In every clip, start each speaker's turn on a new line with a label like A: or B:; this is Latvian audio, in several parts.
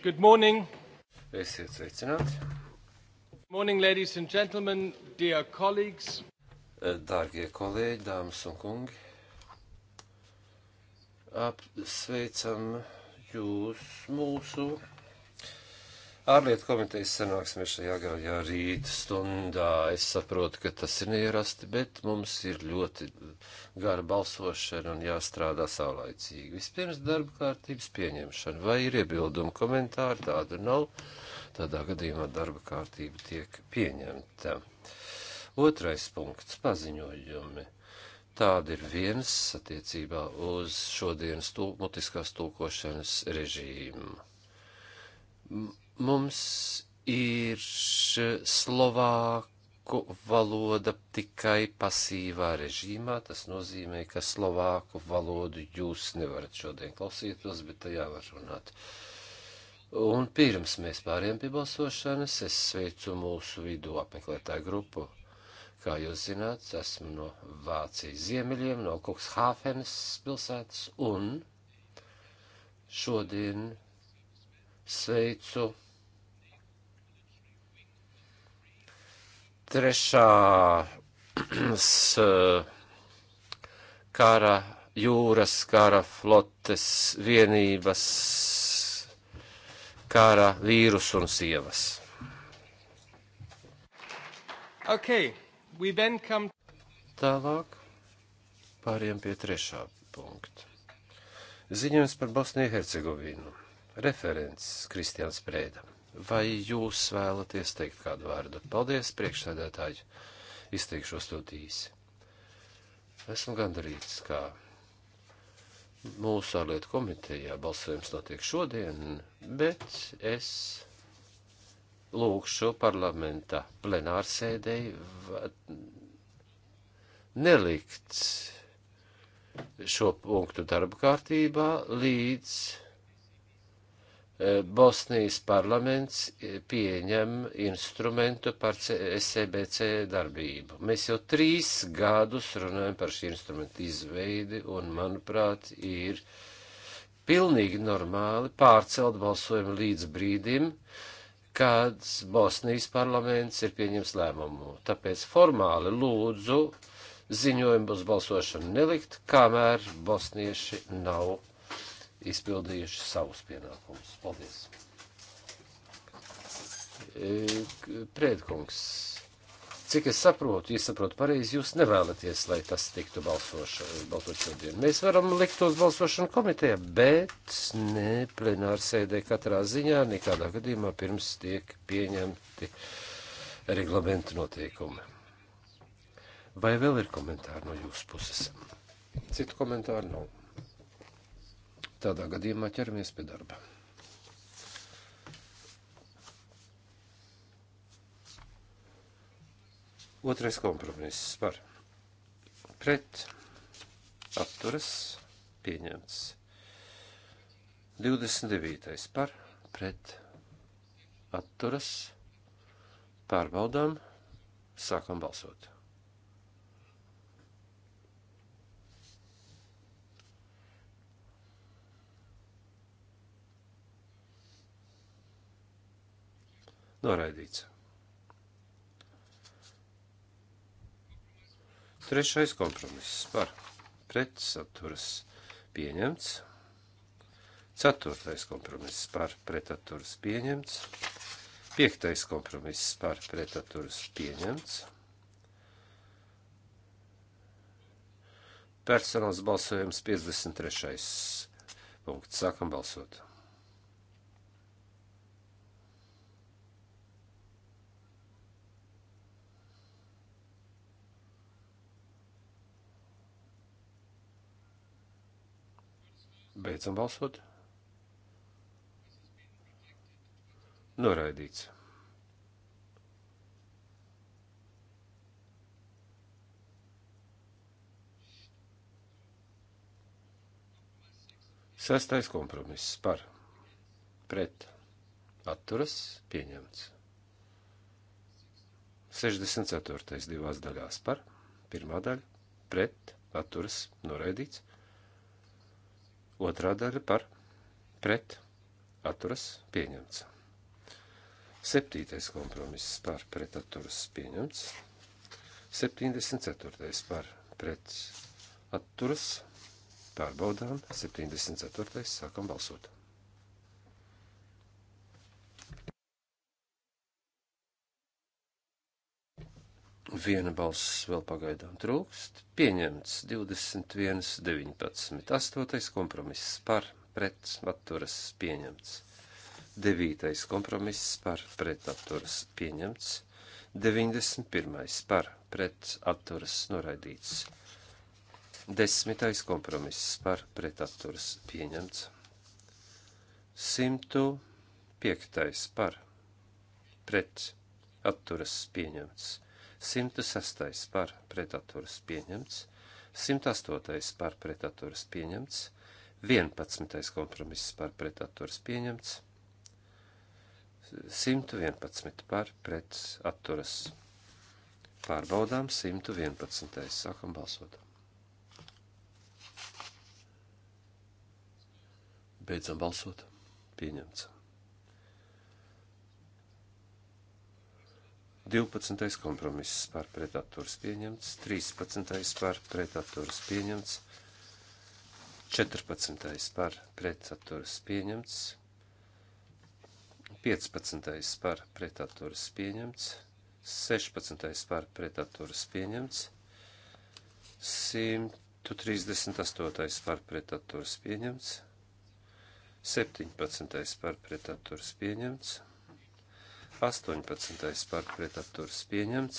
A: Good morning. Esiet sveicināti. Good morning, ladies and gentlemen, dear colleagues. Dārgie kolēģi, dāmas un kungi, apsveicam jūs mūsu ārlietu komitejas sanāksmē šajā gaļā rīt stundā. Es saprotu, ka tas ir neierasti, bet mums ir ļoti gara balsošana un jāstrādā saulaicīgi. Vispirms darba kārtības pieņemšana. Vai ir iebildumi komentāri? Tādu nav. Tādā gadījumā darba kārtība tiek pieņemta. Otrais punkts - paziņojumi. Tāda ir viens attiecībā uz šodienas tū, mutiskās tūkošanas režīmu Mums ir slovāku valoda tikai pasīvā režīmā. Tas nozīmē, ka slovāku valodu jūs nevarat šodien klausīties, bet tajā var runāt. Un pirms mēs pāriem pie balsošanas, es sveicu mūsu vidu apmeklētāju grupu. Kā jūs zināt, esmu no Vācijas ziemeļiem, no Kukshāfenes pilsētas, un šodien sveicu Trešās kara, jūras kara flotes vienības kara vīrus un sievas. Okay, we then come... Tālāk pāriem pie trešā punkta. Ziņojums par Bosniju Hercegovinu. Referents Kristians Prēdam. Vai jūs vēlaties teikt kādu vārdu? Paldies, priekšsēdētāji. Izteikšos ļoti īsi. Esmu gandarīts, ka mūsu ārlietu komitejā balsojums notiek šodien, bet es lūkšu parlamenta plenārsēdēji nelikt šo punktu darba kārtībā līdz Bosnijas parlaments pieņem instrumentu par SCBC e darbību. Mēs jau trīs gadus runājam par šī instrumenta izveidi, un, manuprāt, ir pilnīgi normāli pārcelt balsojumu līdz brīdim, kad Bosnijas parlaments ir pieņems lēmumu. Tāpēc formāli lūdzu ziņojumu uz balsošanu nelikt, kamēr bosnieši nav izpildījuši savus pienākumus. Paldies! E, Prēdkungs, cik es saprotu, ja saprotu pareizi, jūs nevēlaties, lai tas tiktu balsots šodien. Mēs varam likt tos balsošanu komitejā, bet ne plenārsēdē katrā ziņā, nekādā gadījumā pirms tiek pieņemti reglamentu noteikumi. Vai vēl ir komentāri no jūsu puses? Citu komentāru nav. No. Tādā gadījumā ķeramies pie darba. Otrais kompromiss par pret atturas pieņemts. 29. par pret atturas pārbaudām sākam balsot. Noraidīts. Trešais kompromiss par pretsaturas pieņemts. Ceturtais kompromiss par pretaturas pieņemts. Piektais kompromiss par pretaturas pieņemts. Personāls balsojums 53. punkts. Sākam balsot. Beidzam balsot. Noraidīts. Sestais kompromiss par pret atturas pieņemts. 64. divās daļās par pirmā daļa pret atturas noraidīts. Otrā daļa par pret atturas pieņemts. Septītais kompromiss par pret atturas pieņemts. 74. par pret atturas pārbaudām. 74. sākam balsot. Viena balss vēl pagaidām trūkst. Pieņemts 21, 19, 8. kompromiss par pret atturas pieņemts. 9. kompromiss par pret atturas pieņemts. 91. par pret atturas noraidīts. 10. kompromiss par pret atturas pieņemts. 105. par pret atturas pieņemts. 106. par pretaturas pieņemts, 108. par pretaturas pieņemts, 11. kompromiss par pretaturas pieņemts, 111 par pretaturas pārbaudām, 111. sākam balsot. Beidzam balsot. Pieņemts. 12. kompromiss par pretaturas pieņemts, 13. par pretaturas pieņemts, 14. par pretaturas pieņemts, 15. par pretaturas pieņemts, 16. par pretaturas pieņemts, 138. par pretaturas pieņemts, 17. par pretaturas pieņemts, 18. par pretapturas pieņemts.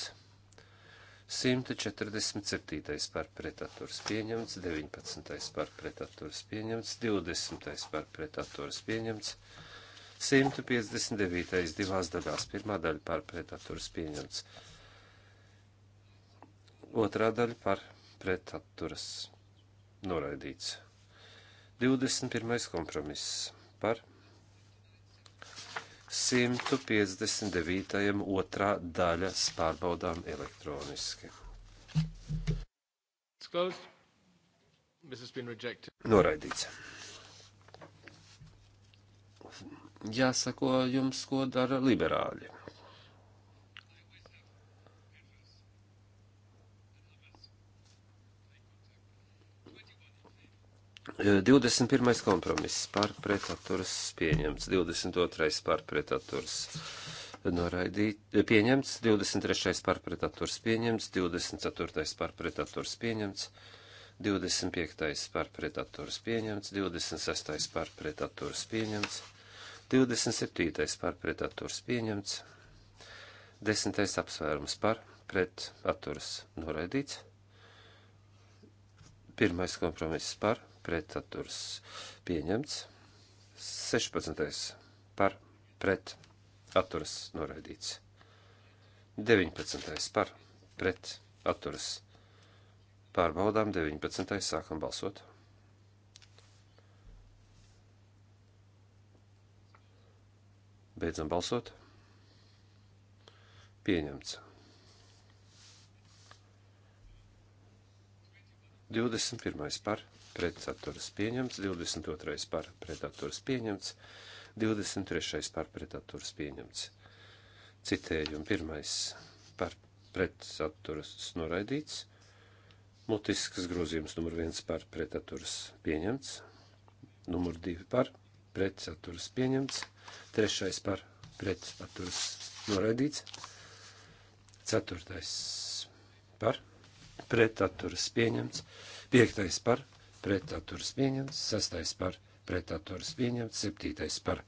A: 147. par pretaturas pieņemts, 19. par pretaturas pieņemts, 20. par pretaturas pieņemts, 159. divās daļās, pirmā daļa par pretaturas pieņemts, otrā daļa par pretaturas noraidīts. 21. kompromiss par 159. otrā daļa pārbaudām elektroniski. Noraidīts. Jāsako jums, ko dara liberāļi. 21. kompromiss par pretaturas pieņemts, 22. par pretaturas noraidīt, pieņemts, 23. par pretaturas pieņemts, 24. par pretaturas pieņemts, 25. par pretaturas pieņemts, 26. par pretaturas pieņemts, 27. par pretaturas pieņemts, 10. apsvērums par pretaturas noraidīts, 1. kompromiss par pretaturs pieņemts. 16. par pretaturs noraidīts. 19. par pretaturs. Pārbaudām 19. sākam balsot. Beidzam balsot. Pieņemts. 21. par pretaturs pretaturas pieņemts, 22. par pretaturas pieņemts, 23. par pretaturas pieņemts. Citējumi pirmais par pretaturas noraidīts, mutisks grozījums numur 1 par pretaturas pieņemts, numur 2 par pretaturas pieņemts, 3. par pretaturas noraidīts, 4. par pretaturas pieņemts, 5. par pretaturas pieņemts pretaturas pieņemts, sestais par pretaturas pieņemts, septītais par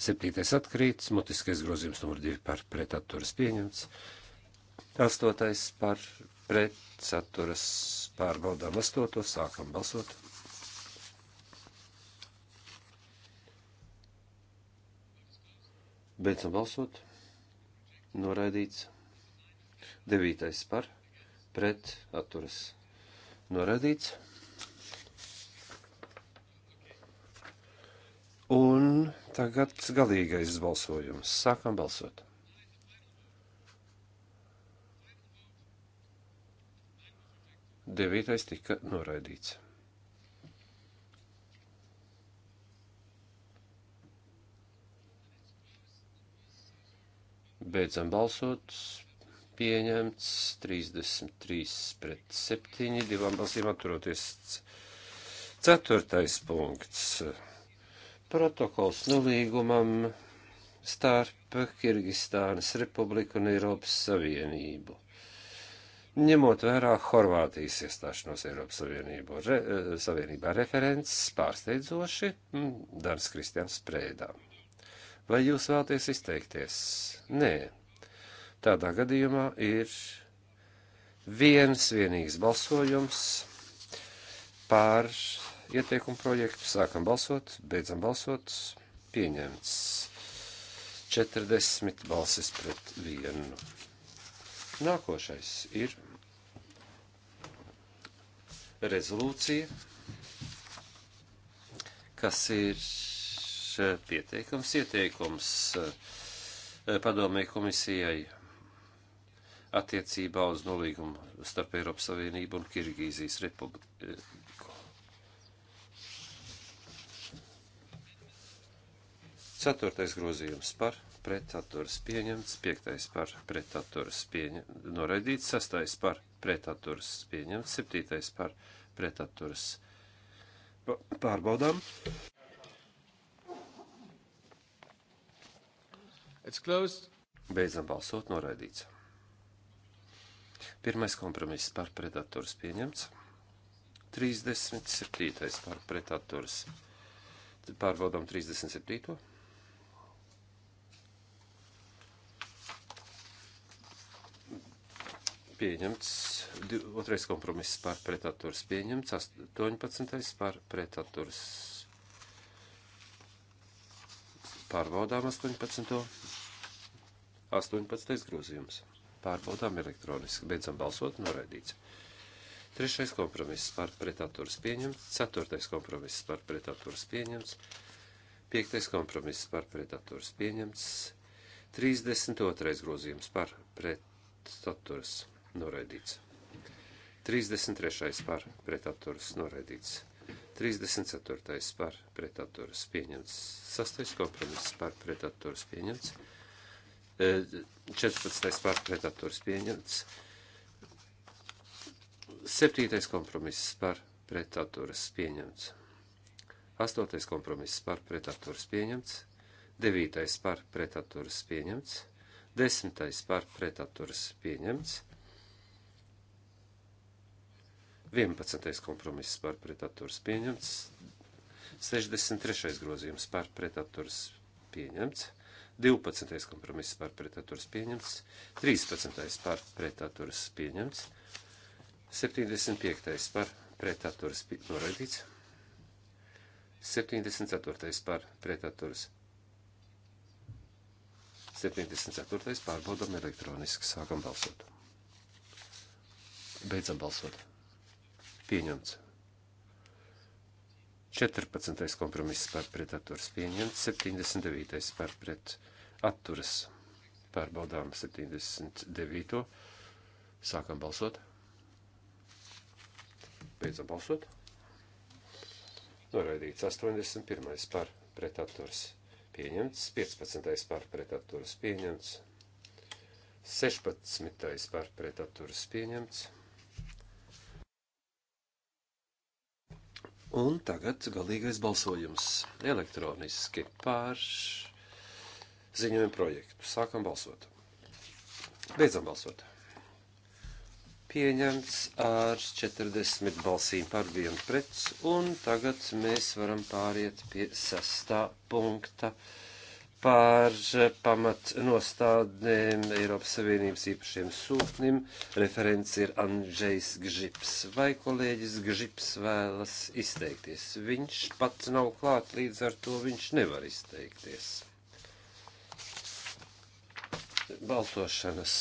A: septītais atkrīts, mutiskais grozījums numur divi par pretaturas pieņemts, astotais par pretsaturas pārbaudām astoto, sākam balsot. Beidzam balsot. Noraidīts. Devītais par pret atturas. Noraidīts. Un tagad galīgais balsojums. Sākam balsot. Devītais tika noraidīts. Beidzam balsot. Pieņemts 33 pret 7, divām balsīm atturoties. Ceturtais punkts. Protokols nolīgumam starp Kirgistānas Republiku un Eiropas Savienību. Ņemot vērā Horvātijas iestāšanos Eiropas Savienību, re, eh, Savienībā referents pārsteidzoši mm, Dans Kristians Prēdā. Vai jūs vēlaties izteikties? Nē. Tādā gadījumā ir viens vienīgs balsojums pār ieteikumu projektu. Sākam balsot, beidzam balsot. Pieņemts 40 balsis pret vienu. Nākošais ir rezolūcija, kas ir pieteikums, ieteikums eh, padomē komisijai attiecībā uz nolīgumu starp Eiropas Savienību un Kirgīzijas republiku Ceturtais grozījums par pretaturas pieņemts, piektais par pretaturas pieņemts, noraidīts, sastais par pretaturas pieņemts, septītais par pretaturas pārbaudām. Beidzam balsot, noraidīts. Pirmais kompromiss par pretaturas pieņemts, 37. par pretaturas pārbaudām 37. pieņemts, 2. kompromiss par pretaturs pieņemts, 18. par pretaturs pārbaudām 18. 18. grozījums. Pārbaudām elektroniski. Beidzam balsot, noraidīts. Trešais kompromiss par pretaturas pieņemts, ceturtais kompromiss par pretaturas pieņemts, piektais kompromiss par pretaturas pieņemts, 32. grozījums par pretaturas pieņemts noraidīts. 33. par pretaturas noraidīts. 34. par pretaturas pieņemts. 6. kompromiss par pretaturas pieņemts. 14. E, par pretaturas pieņemts. 7. kompromiss par pretaturas pieņemts. 8. kompromiss par pretaturas pieņemts. 9. par pretaturas pieņemts. 10. par pretaturas pieņemts. 11. kompromiss par pretaturas pieņemts, 63. grozījums par pretaturas pieņemts, 12. kompromiss par pretaturas pieņemts, 13. par pretaturas pieņemts, 75. par pretaturas noraidīts, 74. par pretaturas. 74. pārbaudām elektroniski, sākam balsot. Beidzam balsot pieņemts. 14. kompromiss par pret atturas pieņemts, 79. par pret atturas pārbaudām 79. Sākam balsot. Beidzam balsot. Noraidīts 81. par pret atturas pieņemts, 15. par pret atturas pieņemts, 16. par pret atturas pieņemts. Un tagad galīgais balsojums elektroniski par ziņojumu projektu. Sākam balsot. Beidzam balsot. Pieņemts ar 40 balsīm par vienu pret, un tagad mēs varam pāriet pie sastā punkta. Uh, par eh, pamat nostādnēm Eiropas Savienības īpašiem sūtnim. Referents ir Andrzejs Gžips. Vai kolēģis Gžips vēlas izteikties? Viņš pats nav klāt, līdz ar to viņš nevar izteikties. Balsošanas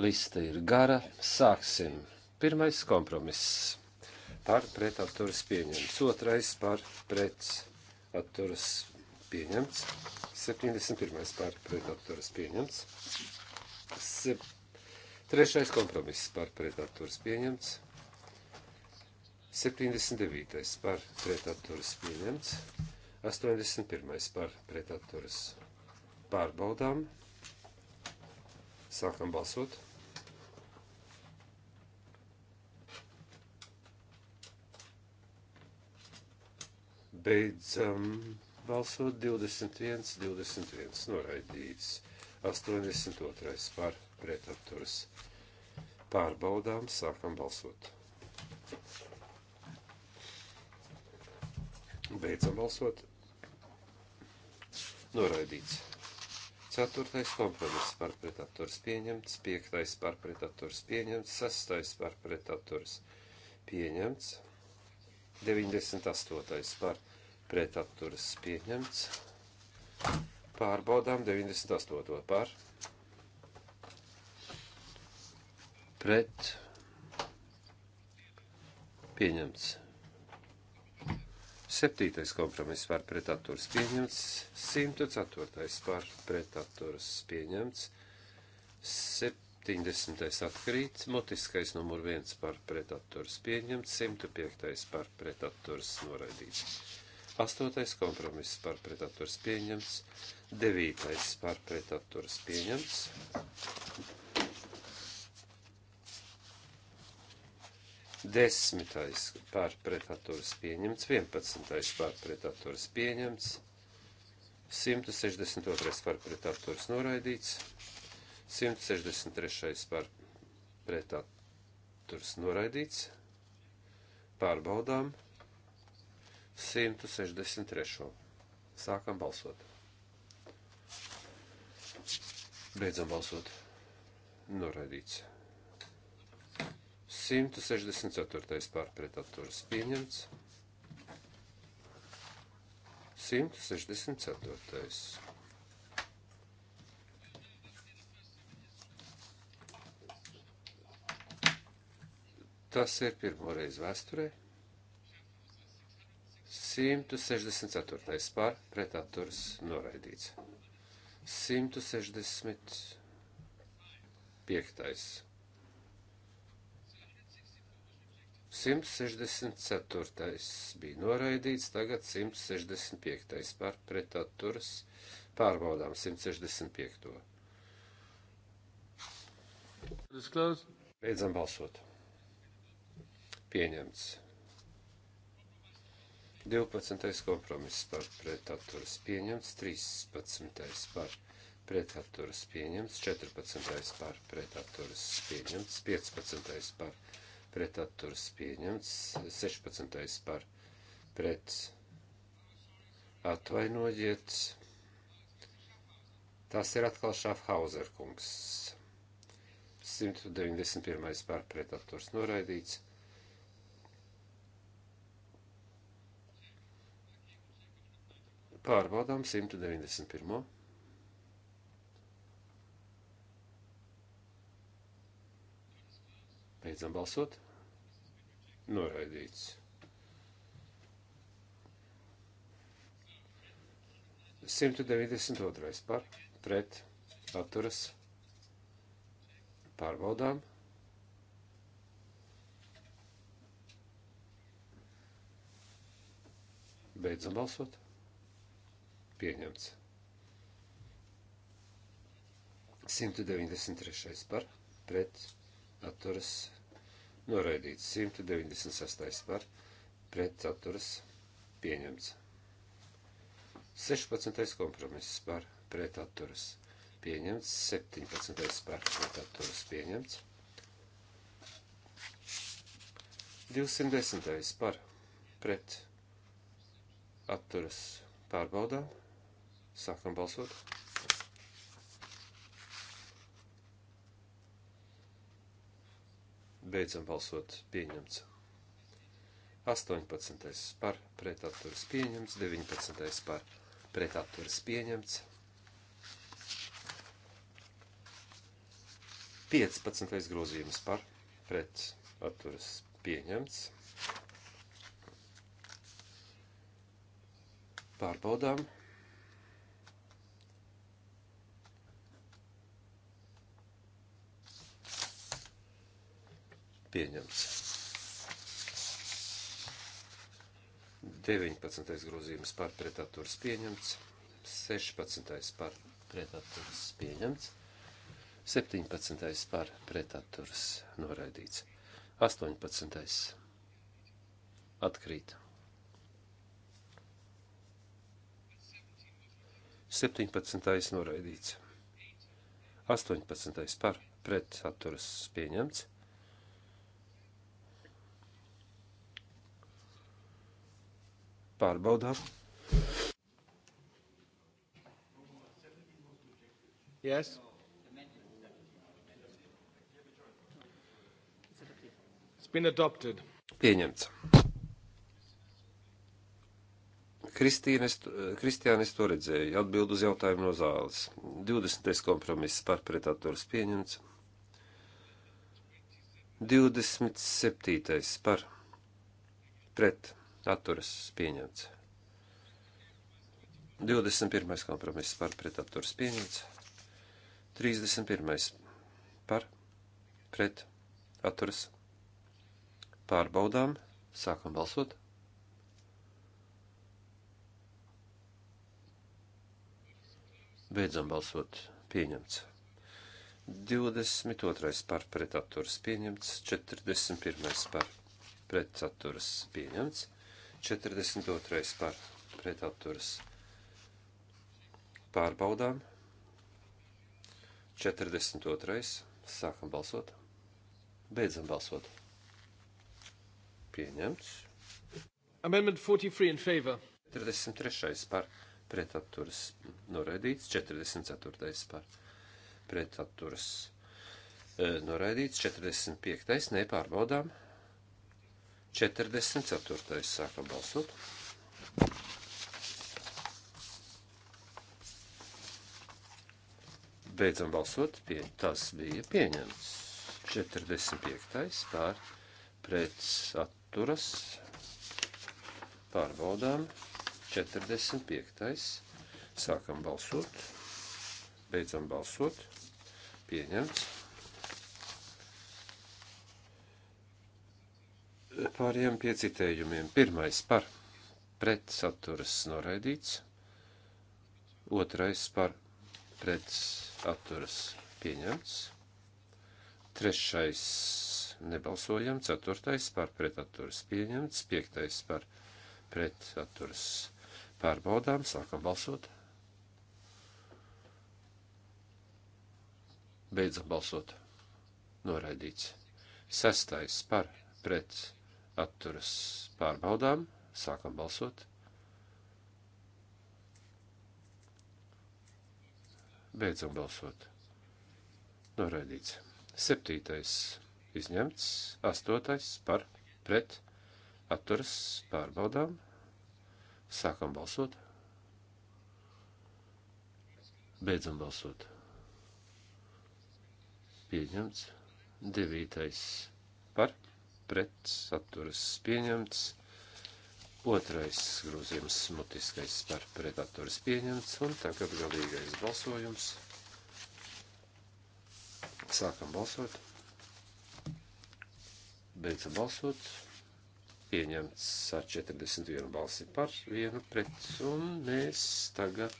A: lista ir gara. Sāksim. Pirmais kompromiss par pretatturas pieņemts. Otrais par pretatturas pieņemts pieņemts. 71. par pretnaturas pieņemts. Se... Trešais kompromiss par pretnaturas pieņemts. 79. par pretaturas pieņemts. 81. par pretaturas pārbaudām. Sākam balsot. Beidzam balsot 21, 21 noraidīts, 82 par pretapturas. Pārbaudām, sākam balsot. Beidzam balsot. Noraidīts. Ceturtais kompromiss par pretaturs pieņemts, piektais par pretaturs pieņemts, sestais par pretaturs pieņemts, 98. par pretaturs pieņemts pret atturas pieņemts. Pārbaudām 98. par pret pieņemts. Septītais kompromiss par pretaturas pieņemts, 104. par pretaturas pieņemts, 70. atkrīt, mutiskais numur 1 par pretaturas pieņemts, 105. par pretaturas noraidīts. Astotais kompromiss par pretaturs pieņems. Devītais par pretaturs pieņems. Desmitais par pretaturs pieņemts. Vienpadsmitais par pretaturs pieņemts. 162. par pretaturs noraidīts. 163. par pretaturs noraidīts. Pārbaudām. 163 163. Sākam balsot. Beidzam balsot. Noraidīts. 164. pārpretatūras pieņemts. 164. Tas ir pirmo reizi vēsturē. 164. par pretaturas noraidīts. 165. 164. bija noraidīts, tagad 165. par pretaturas pārbaudām 165. Beidzam balsot. Pieņemts. 12. kompromiss par pretaturas pieņemts, 13. par pretaturas pieņemts, 14. par pretaturas pieņemts, 15. par pretaturas pieņemts, 16. par pret atvainojiet. Tas ir atkal Šafhauser kungs. 191. par pretaturs noraidīts. Pārbaudām 191. Beidzam balsot. Noraidīts. Simtu deviņdesmit otrais par, pret, atturas, pārbaudām. Beidzam balsot pieņemts. 193. par pret atturas noraidīts. 196. par pret atturas pieņemts. 16. kompromiss par pret atturas pieņemts. 17. par pret atturas pieņemts. 210. par pret atturas pārbaudām. Sākam balsot. Beidzam balsot. Pieņemts. 18. par pretaturas pieņemts. 19. par pretaturas pieņemts. 15. grozījums par pretaturas pieņemts. Pārbaudām. pieņemts. 19. grozījums par pretaturas pieņemts, 16. par pretaturas pieņemts, 17. par pretaturas noraidīts, 18. atkrīt. 17. noraidīts. 18. par pretaturas pieņemts. Pārbaudām. Yes. It's been adopted. Pieņemts. Kristīnes, Kristiānis to redzēja, atbild uz jautājumu no zāles. 20. kompromiss par pretators pieņemts. 27. par pret atturas pieņemts. 21. kompromiss par pret atturas pieņemts. 31. par pret atturas pārbaudām. Sākam balsot. Beidzam balsot. Pieņemts. 22. par pretaturas pieņemts, 41. par pretaturas pieņemts, 42. par pretapturas pārbaudām. 42. sākam balsot. Beidzam balsot. Pieņemts. Amendment 43 in favor. 43. par pretapturas noraidīts. 44. par pretapturas eh, noraidīts. 45. nepārbaudām. 45. 44. sākam balsot. Beidzam balsot, pie, tas bija pieņemts. 45. pār pret atturas pārbaudām. 45. sākam balsot. Beidzam balsot. Pieņemts. Pāriem pie citējumiem. Pirmais par pretsaturas noraidīts, otrais par pretsaturas pieņemts, trešais nebalsojam, ceturtais par pretaturas pieņemts, piektais par pretaturas pārbaudām, sākam balsot. Beidzam balsot. Noraidīts. Sestais par pret atturas pārbaudām, sākam balsot. Beidzam balsot. Noraidīts. Septītais izņemts, astotais par pret atturas pārbaudām, sākam balsot. Beidzam balsot. Pieņemts. Devītais par pret saturas pieņemts. Otrais grozījums mutiskais par pretaturas pieņemts. Un tagad galīgais balsojums. Sākam balsot. Beidzam balsot. Pieņemts ar 41 balsi par, vienu pret. Un mēs tagad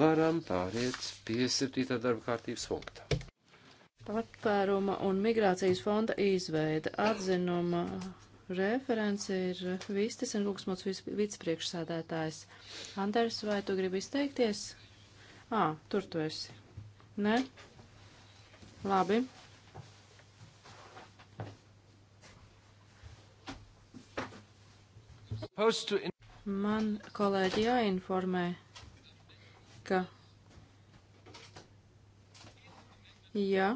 A: varam pāriet pie 7. darba kārtības punktā
B: patvēruma un migrācijas fonda izveida. Atzinuma referents ir Vistis un Lūksmots vicepriekšsādētājs. Anders, vai tu gribi izteikties? Ā, tur tu esi. Nē? Labi. Man kolēģi jāinformē, ka Ja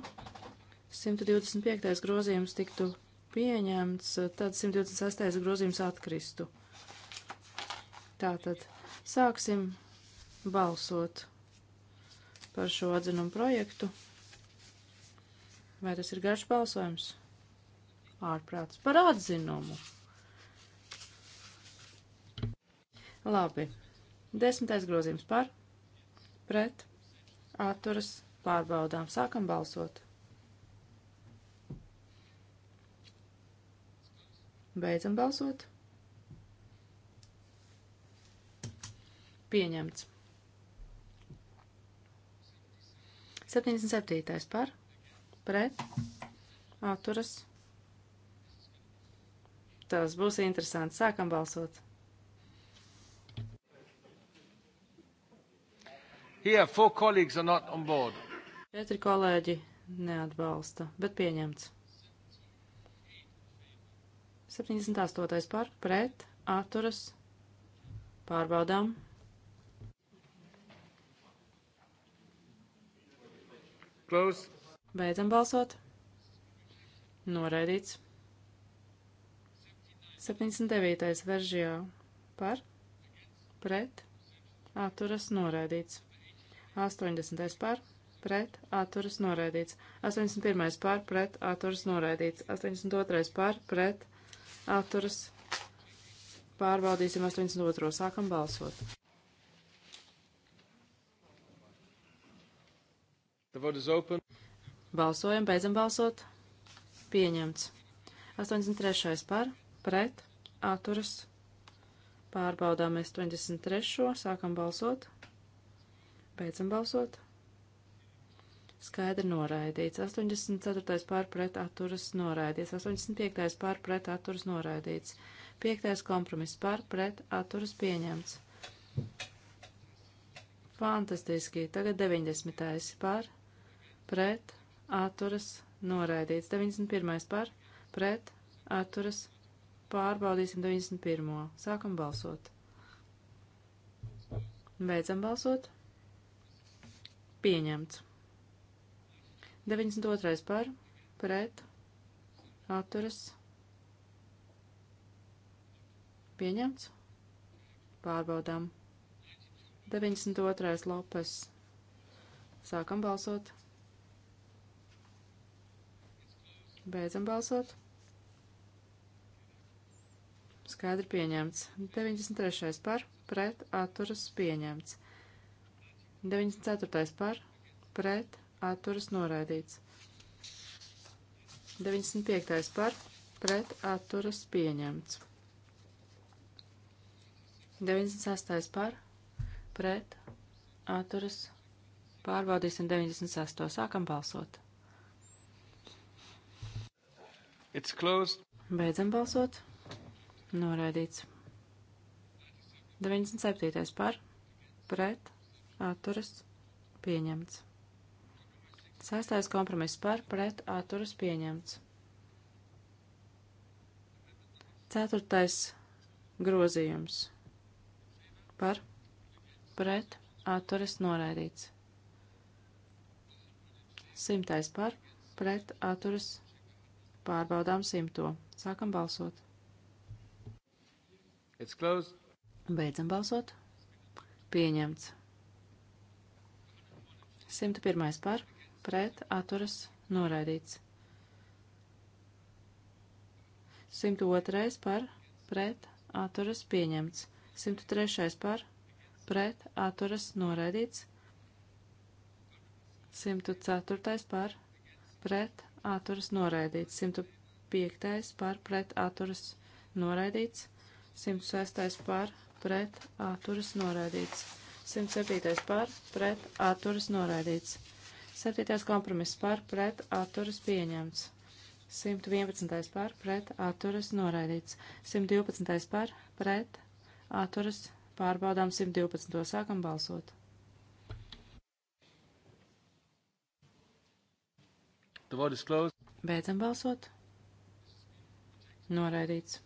B: 125. grozījums tiktu pieņemts, tad 126. grozījums atkristu. Tātad sāksim balsot par šo atzinumu projektu. Vai tas ir garš balsojums? Ārprāts par atzinumu. Labi. Desmitais grozījums par, pret, atturas, Pārbaudām, sākam balsot. Beidzam balsot. Pieņemts. 77. par, pret, atturas. Tas būs interesanti. Sākam balsot.
A: Here, four colleagues are not on board.
B: Četri kolēģi neatbalsta, bet pieņemts. 78. par pret atturas pārbaudām. Close. Beidzam balsot. Noraidīts. 79. veržijā par, pret, atturas noraidīts. 80. par, pret atturas noraidīts. 81. par pret atturas noraidīts. 82. par pret atturas pārbaudīsim 82. sākam balsot. Balsojam, beidzam balsot. Pieņemts. 83. par pret atturas pārbaudām 83. sākam balsot. Beidzam balsot skaidri noraidīts. 84. pārpret atturas noraidīts. 85. pārpret atturas noraidīts. 5. kompromiss pārpret atturas pieņemts. Fantastiski. Tagad 90. par pret atturas noraidīts. 91. par pret atturas pārbaudīsim 91. Sākam balsot. Beidzam balsot. Pieņemts. 92. par, pret, atturas, pieņemts, pārbaudām. 92. Lopes, sākam balsot, beidzam balsot, skaidri pieņemts, 93. par, pret, atturas, pieņemts, 94. par, pret, atturas noraidīts. 95. par pret atturas pieņemts. 96. par pret atturas pārbaudīsim 98. sākam balsot.
A: It's closed.
B: Beidzam balsot. Noraidīts. 97. par pret atturas pieņemts. Sastais kompromiss par pret atturas pieņemts. Ceturtais grozījums par pret atturas noraidīts. Simtais par pret atturas pārbaudām simto. Sākam balsot. It's closed. Beidzam balsot. Pieņemts. 101. par pret atturas noraidīts. 102. par pret atturas pieņemts. 103. par pret atturas noraidīts. 104. par pret atturas noraidīts. 105. par pret atturas noraidīts. 106. par pret atturas noraidīts. 107. par pret atturas noraidīts. Septītais kompromiss par pret atturas pieņemts. 111. par pret atturas noraidīts. 112. par pret atturas pārbaudām 112. sākam balsot.
A: The vote is closed.
B: Beidzam balsot. Noraidīts.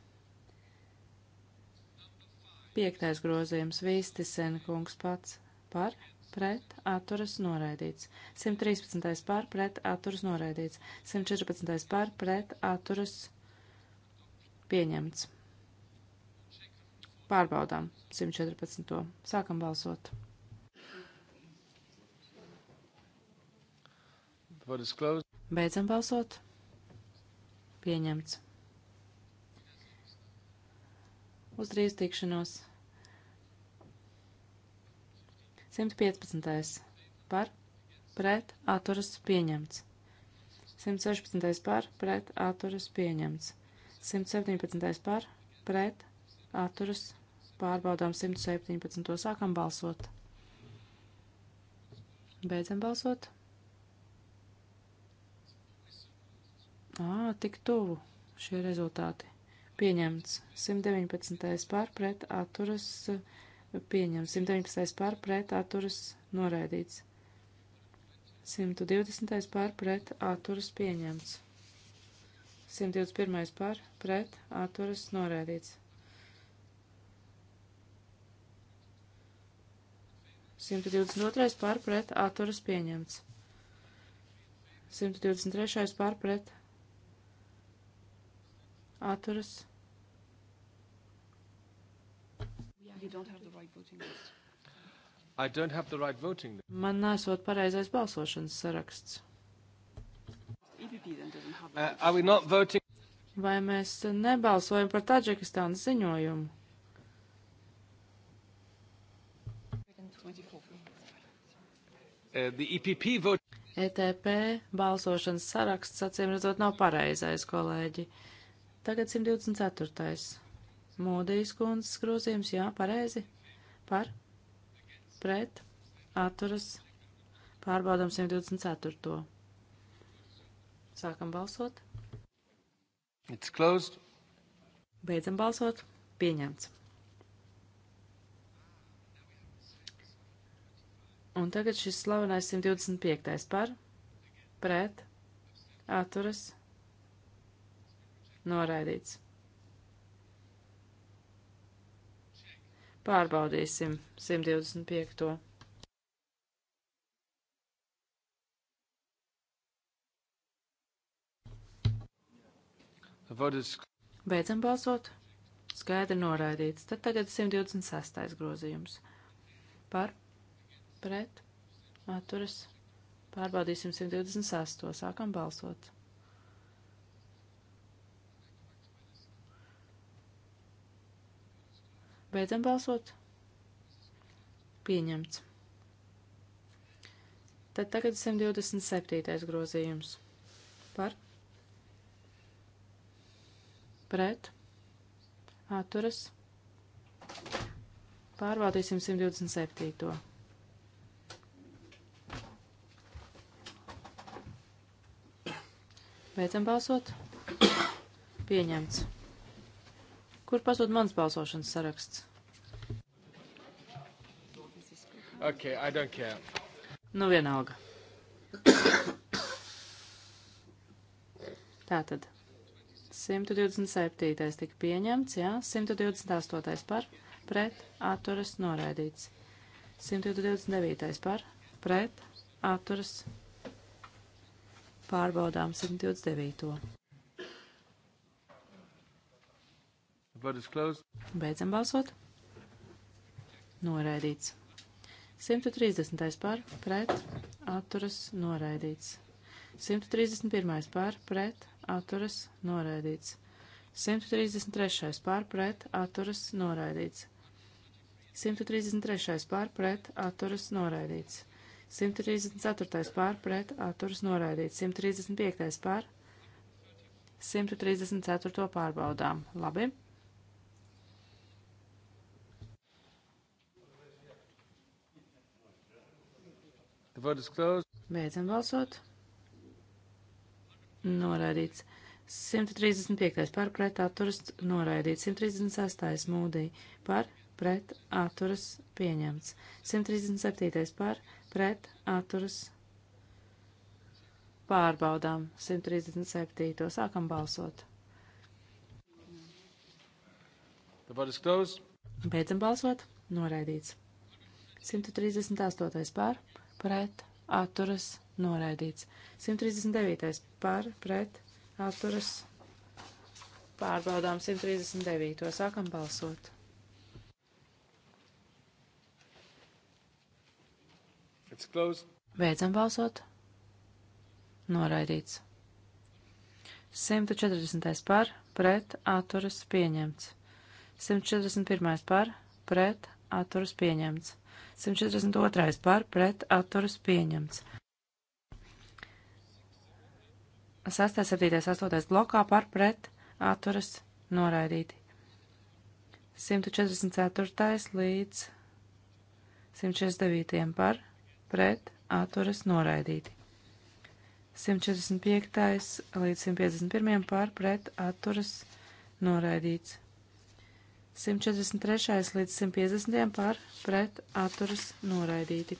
B: Piektais grozījums Vīstisena kungs pats par pret atturas noraidīts. 113. pār pret atturas noraidīts. 114. pār pret atturas pieņemts. Pārbaudām 114. Sākam balsot. Beidzam balsot. Pieņemts. Uz drīz tikšanos. 115. par pret atturas pieņemts. 116. par pret atturas pieņemts. 117. par pret atturas pārbaudām 117. sākam balsot. Beidzam balsot. Ā, tik tuvu šie rezultāti. Pieņemts 119. par pret atturas pieņemts pieņem. 119. par pret atturas noraidīts. 120. par pret atturas pieņemts. 121. par pret atturas noraidīts. 122. par pret atturas pieņemts. 123. par pret atturas pieņemts.
C: You don't have the right voting list.
A: I don't have the right voting list. Man
B: nesot pareizais balsošanas saraksts.
A: E uh, are we not voting?
B: Vai mēs nebalsojam par Taģikistānas ziņojumu?
A: Uh, the EPP vote.
B: ETP balsošanas saraksts acīm redzot nav pareizais, kolēģi. Tagad 124. Mūdīs kundzes grozījums, jā, pareizi. Par, pret, atturas, pārbaudam 124. Sākam balsot.
A: It's closed.
B: Beidzam balsot. Pieņemts. Un tagad šis slavenais 125. par, pret, atturas, noraidīts. Pārbaudīsim 125. Beidzam balsot. Skaidri noraidīts. Tad tagad 126. grozījums. Par, pret, atturas. Pārbaudīsim 128. Sākam balsot. Beidzam balsot. Pieņemts. Tad tagad 127. grozījums. Par. Pret. Atturas. Pārbaudīsim 127. Beidzam balsot. Pieņemts. Kur pazūd mans balsošanas saraksts?
A: Okay, I don't care.
B: Nu vienalga. Tātad. 127. tika pieņemts, jā, 128. par, pret, atturas, noraidīts. 129. par, pret, atturas, pārbaudām 129.
A: Beidzam
B: balsot. Noraidīts. 130. par, pret, atturas, noraidīts. 131. par, pret, atturas, noraidīts. 133. par, pret, atturas, noraidīts. 133. par, pret, atturas, noraidīts. 134. pār pret atturas noraidīts, 135. pār 134. pārbaudām. Labi.
A: Beidzam
B: balsot. Noraidīts. 135. par pret atturas noraidīts. 136. mūdī par pret atturas pieņemts. 137. par pret atturas pārbaudām. 137. sākam balsot.
A: Beidzam
B: balsot. Noraidīts. 138. par pret atturas noraidīts. 139. par pret atturas pārbaudām 139. sākam balsot. Beidzam balsot. Noraidīts. 140. par, pret, atturas pieņemts. 141. par, pret, atturas pieņemts. 142. par pret atturas pieņemts. 6, 7, 8 blokā par pret atturas noraidīti. 144. līdz 149. par pret atturas noraidīti. 145. līdz 151. par pret atturas noraidīts. 143. līdz 150. par pret atturas noraidīti.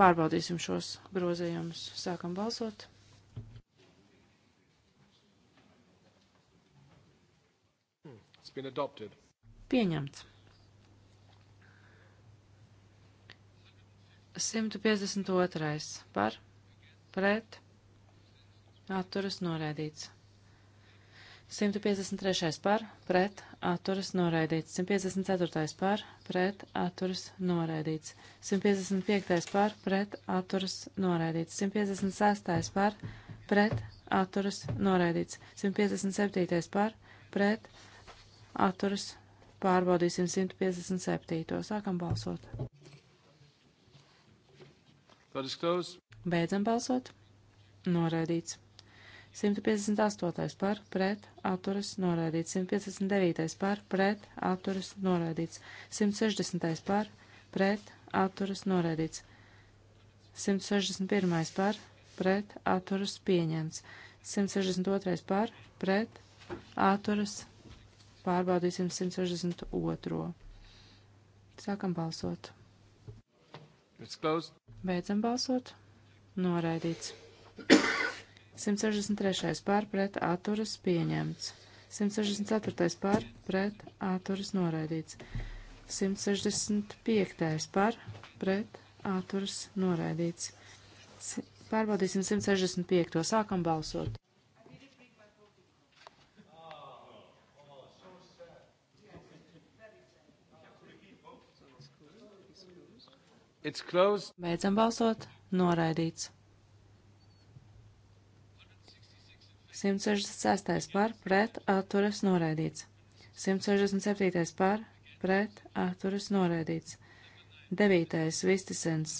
B: Pārbaudīsim šos grozījumus. Sākam balsot. Pieņemts. 152. par pret atturas noraidīts. 153. par, pret, atturas noraidīts. 154. par, pret, atturas noraidīts. 155. par, pret, atturas noraidīts. 156. par, pret, atturas noraidīts. 157. par, pret, atturas pārbaudīsim 157. Sākam balsot. Beidzam balsot. Noraidīts. 158. par pret atturas noraidīts, 159. par pret atturas noraidīts, 160. par pret atturas noraidīts, 161. par pret atturas pieņemts, 162. par pret atturas pārbaudīsim 162. Sākam balsot. Beidzam balsot. Noraidīts. 163. pār pret atturas pieņemts. 164. pār pret atturas noraidīts. 165. pār pret atturas noraidīts. Pārbaudīsim 165. sākam balsot. Beidzam balsot. Noraidīts. 166. par pret atturas noraidīts. 167. par pret atturas noraidīts. 9. Vistisens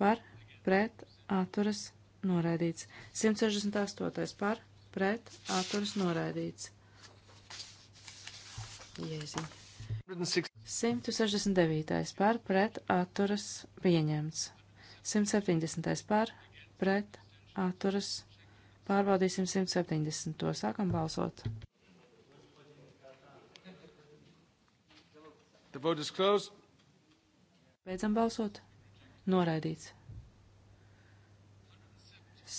B: par pret atturas noraidīts. 168. par pret atturas noraidīts. Jēziņ. 169. par pret atturas pieņemts. 170. par pret atturas noraidīts. Pārbaudīsim 170. To sākam balsot. Beidzam balsot. Noraidīts.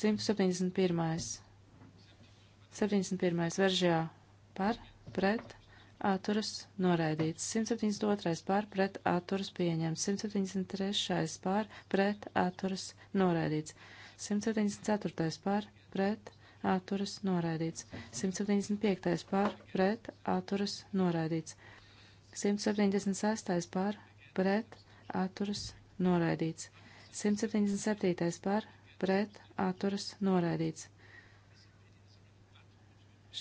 B: 171. 71. veržjā par, pret, atturas noraidīts. 172. par, pret, atturas pieņemts. 173. par, pret, atturas noraidīts. 174. par, pret atturas noraidīts. 175. par pret atturas noraidīts. 176. par pret atturas noraidīts. 177. par pret atturas noraidīts.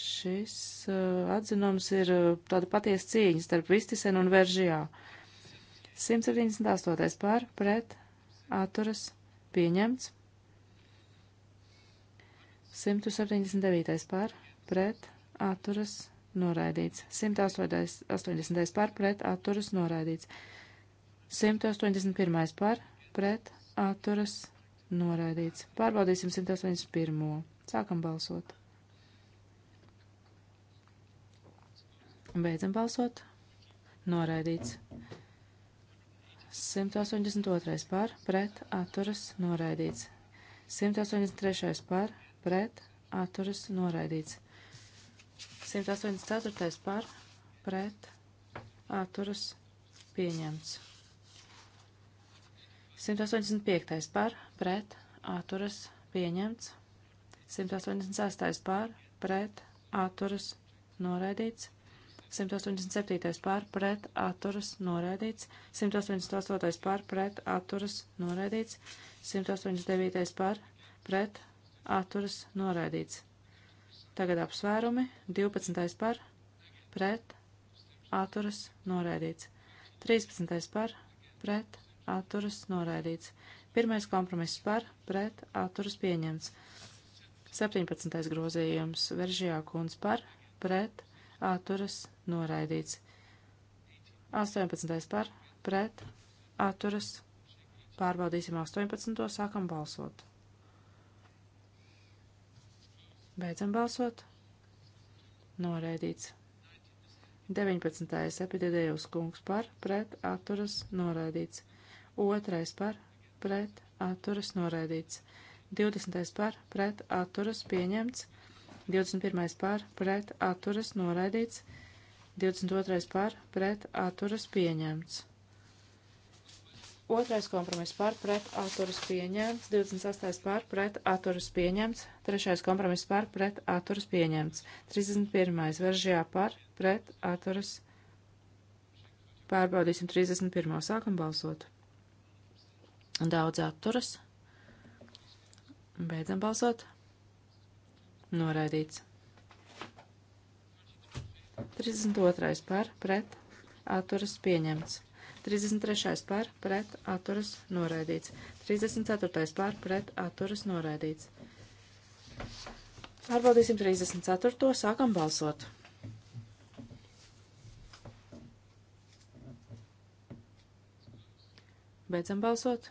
B: Šis uh, atzinums ir uh, tāda patiesa cīņa starp Vistisenu un Veržijā. 178. par pret atturas pieņemts. 179. par pret atturas noraidīts. 180. par pret atturas noraidīts. 181. par pret atturas noraidīts. Pārbaudīsim 181. Sākam balsot. Beidzam balsot. Noraidīts. 182. par pret atturas noraidīts. 183. par pret atturas noraidīts. 184. par pret atturas pieņemts. 185. par pret atturas pieņemts. 186. par pret atturas noraidīts. 187. pār pret atturas noraidīts, 188. pār pret atturas noraidīts, 189. pār pret atturas noraidīts. Tagad apsvērumi 12. par pret atturas noraidīts. 13. par pret atturas noraidīts. Pirmais kompromiss par pret atturas pieņemts. 17. grozījums Veržijā kundz par pret atturas noraidīts. 18. par pret atturas pārbaudīsim 18. sākam balsot. Beidzam balsot. Noraidīts. 19. epidēdējos kungs par, pret, atturas, noraidīts. 2. par, pret, atturas, noraidīts. 20. par, pret, atturas, pieņemts. 21. par, pret, atturas, noraidīts. 22. par, pret, atturas, pieņemts. Otrais kompromiss par pret atturas pieņemts. 28. par pret atturas pieņemts. Trešais kompromiss par pret atturas pieņemts. 31. veržjā par pret atturas. Pārbaudīsim 31. sākam balsot. Daudz atturas. Beidzam balsot. Noraidīts. 32. par pret atturas pieņemts. 33. par pret atturas noraidīts. 34. par pret atturas noraidīts. Pārbaudīsim 34. sākam balsot. Beidzam balsot.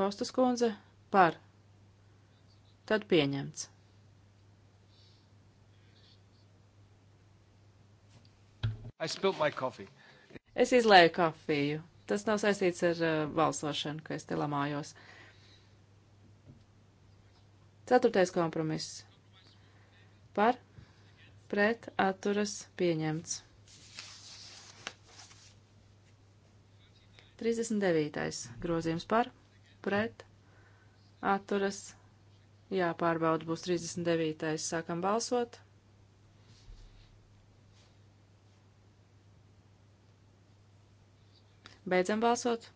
B: Postas kundze par. Tad pieņemts. Es izlēju kafiju. Tas nav saistīts ar uh, balsošanu, ka es te lamājos. Ceturtais kompromiss. Par, pret, atturas, pieņemts. 39. grozījums par, pret, atturas, jāpārbauda būs 39. sākam balsot. Beidzam balsot.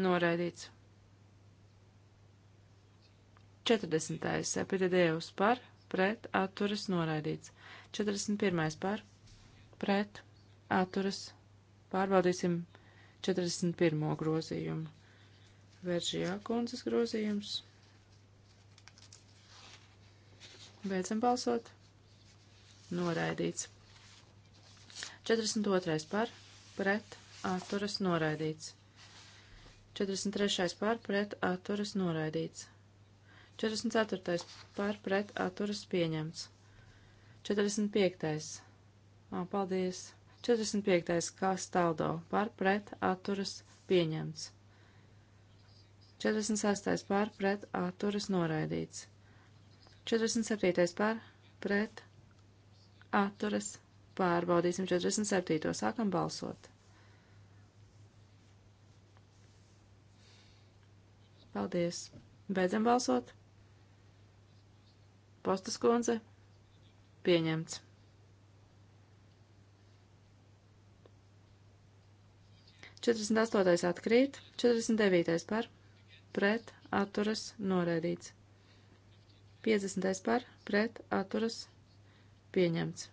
B: Noraidīts. 40. epidēdējus par, pret, atturas, noraidīts. 41. par, pret, atturas. Pārbaudīsim 41. grozījumu. Veržijā kundzes grozījums. Beidzam balsot. Noraidīts. 42. par, pret atturas noraidīts. 43. par pret atturas noraidīts. 44. par pret atturas pieņemts. 45. O, paldies. 45. kā staldo par pret atturas pieņemts. 46. par pret atturas noraidīts.
C: 47.
B: par pret atturas pieņemts. Pārbaudīsim 47. Sākam balsot. Paldies. Beidzam balsot. Postas kundze. Pieņemts. 48. atkrīt, 49. par, pret, atturas, noraidīts. 50. par, pret, atturas, pieņemts.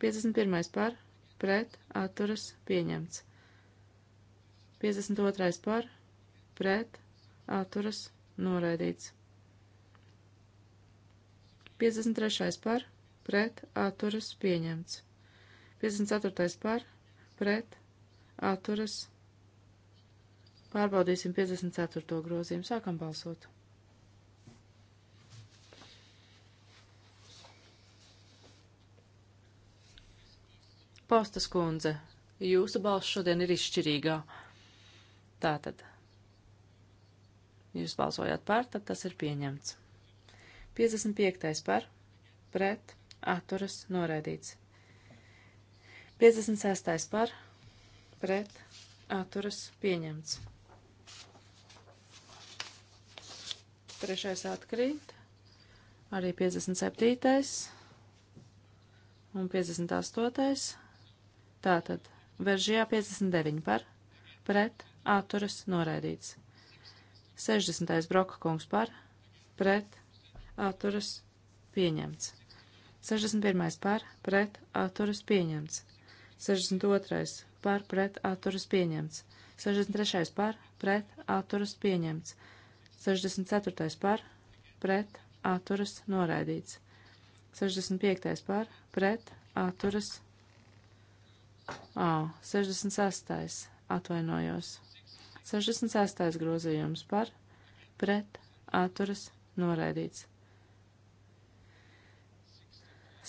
B: 51. par, pret, atturas, pieņemts. 52. par, pret, atturas, noraidīts. 53. par, pret, atturas, pieņemts. 54. par, pret, atturas. Pārbaudīsim 54. grozījumu. Sākam balsot. Postas kundze, jūsu balss šodien ir izšķirīgā. Tātad, jūs balsojāt par, tad tas ir pieņemts. 55. par, pret, atturas, noraidīts. 56. par, pret, atturas, pieņemts. Trešais atkrīt, arī 57. un 58. Tātad veržjā 59 par, pret, atturas noraidīts. 60. broka kungs par, pret, atturas pieņemts. 61. par, pret, atturas pieņemts. 62. par, pret, atturas pieņemts. 63. par, pret, atturas pieņemts. 64. par, pret, atturas noraidīts. 65. par, pret, atturas Ā, 66. atvainojos. 66. grozījums par, pret, atturas, noraidīts.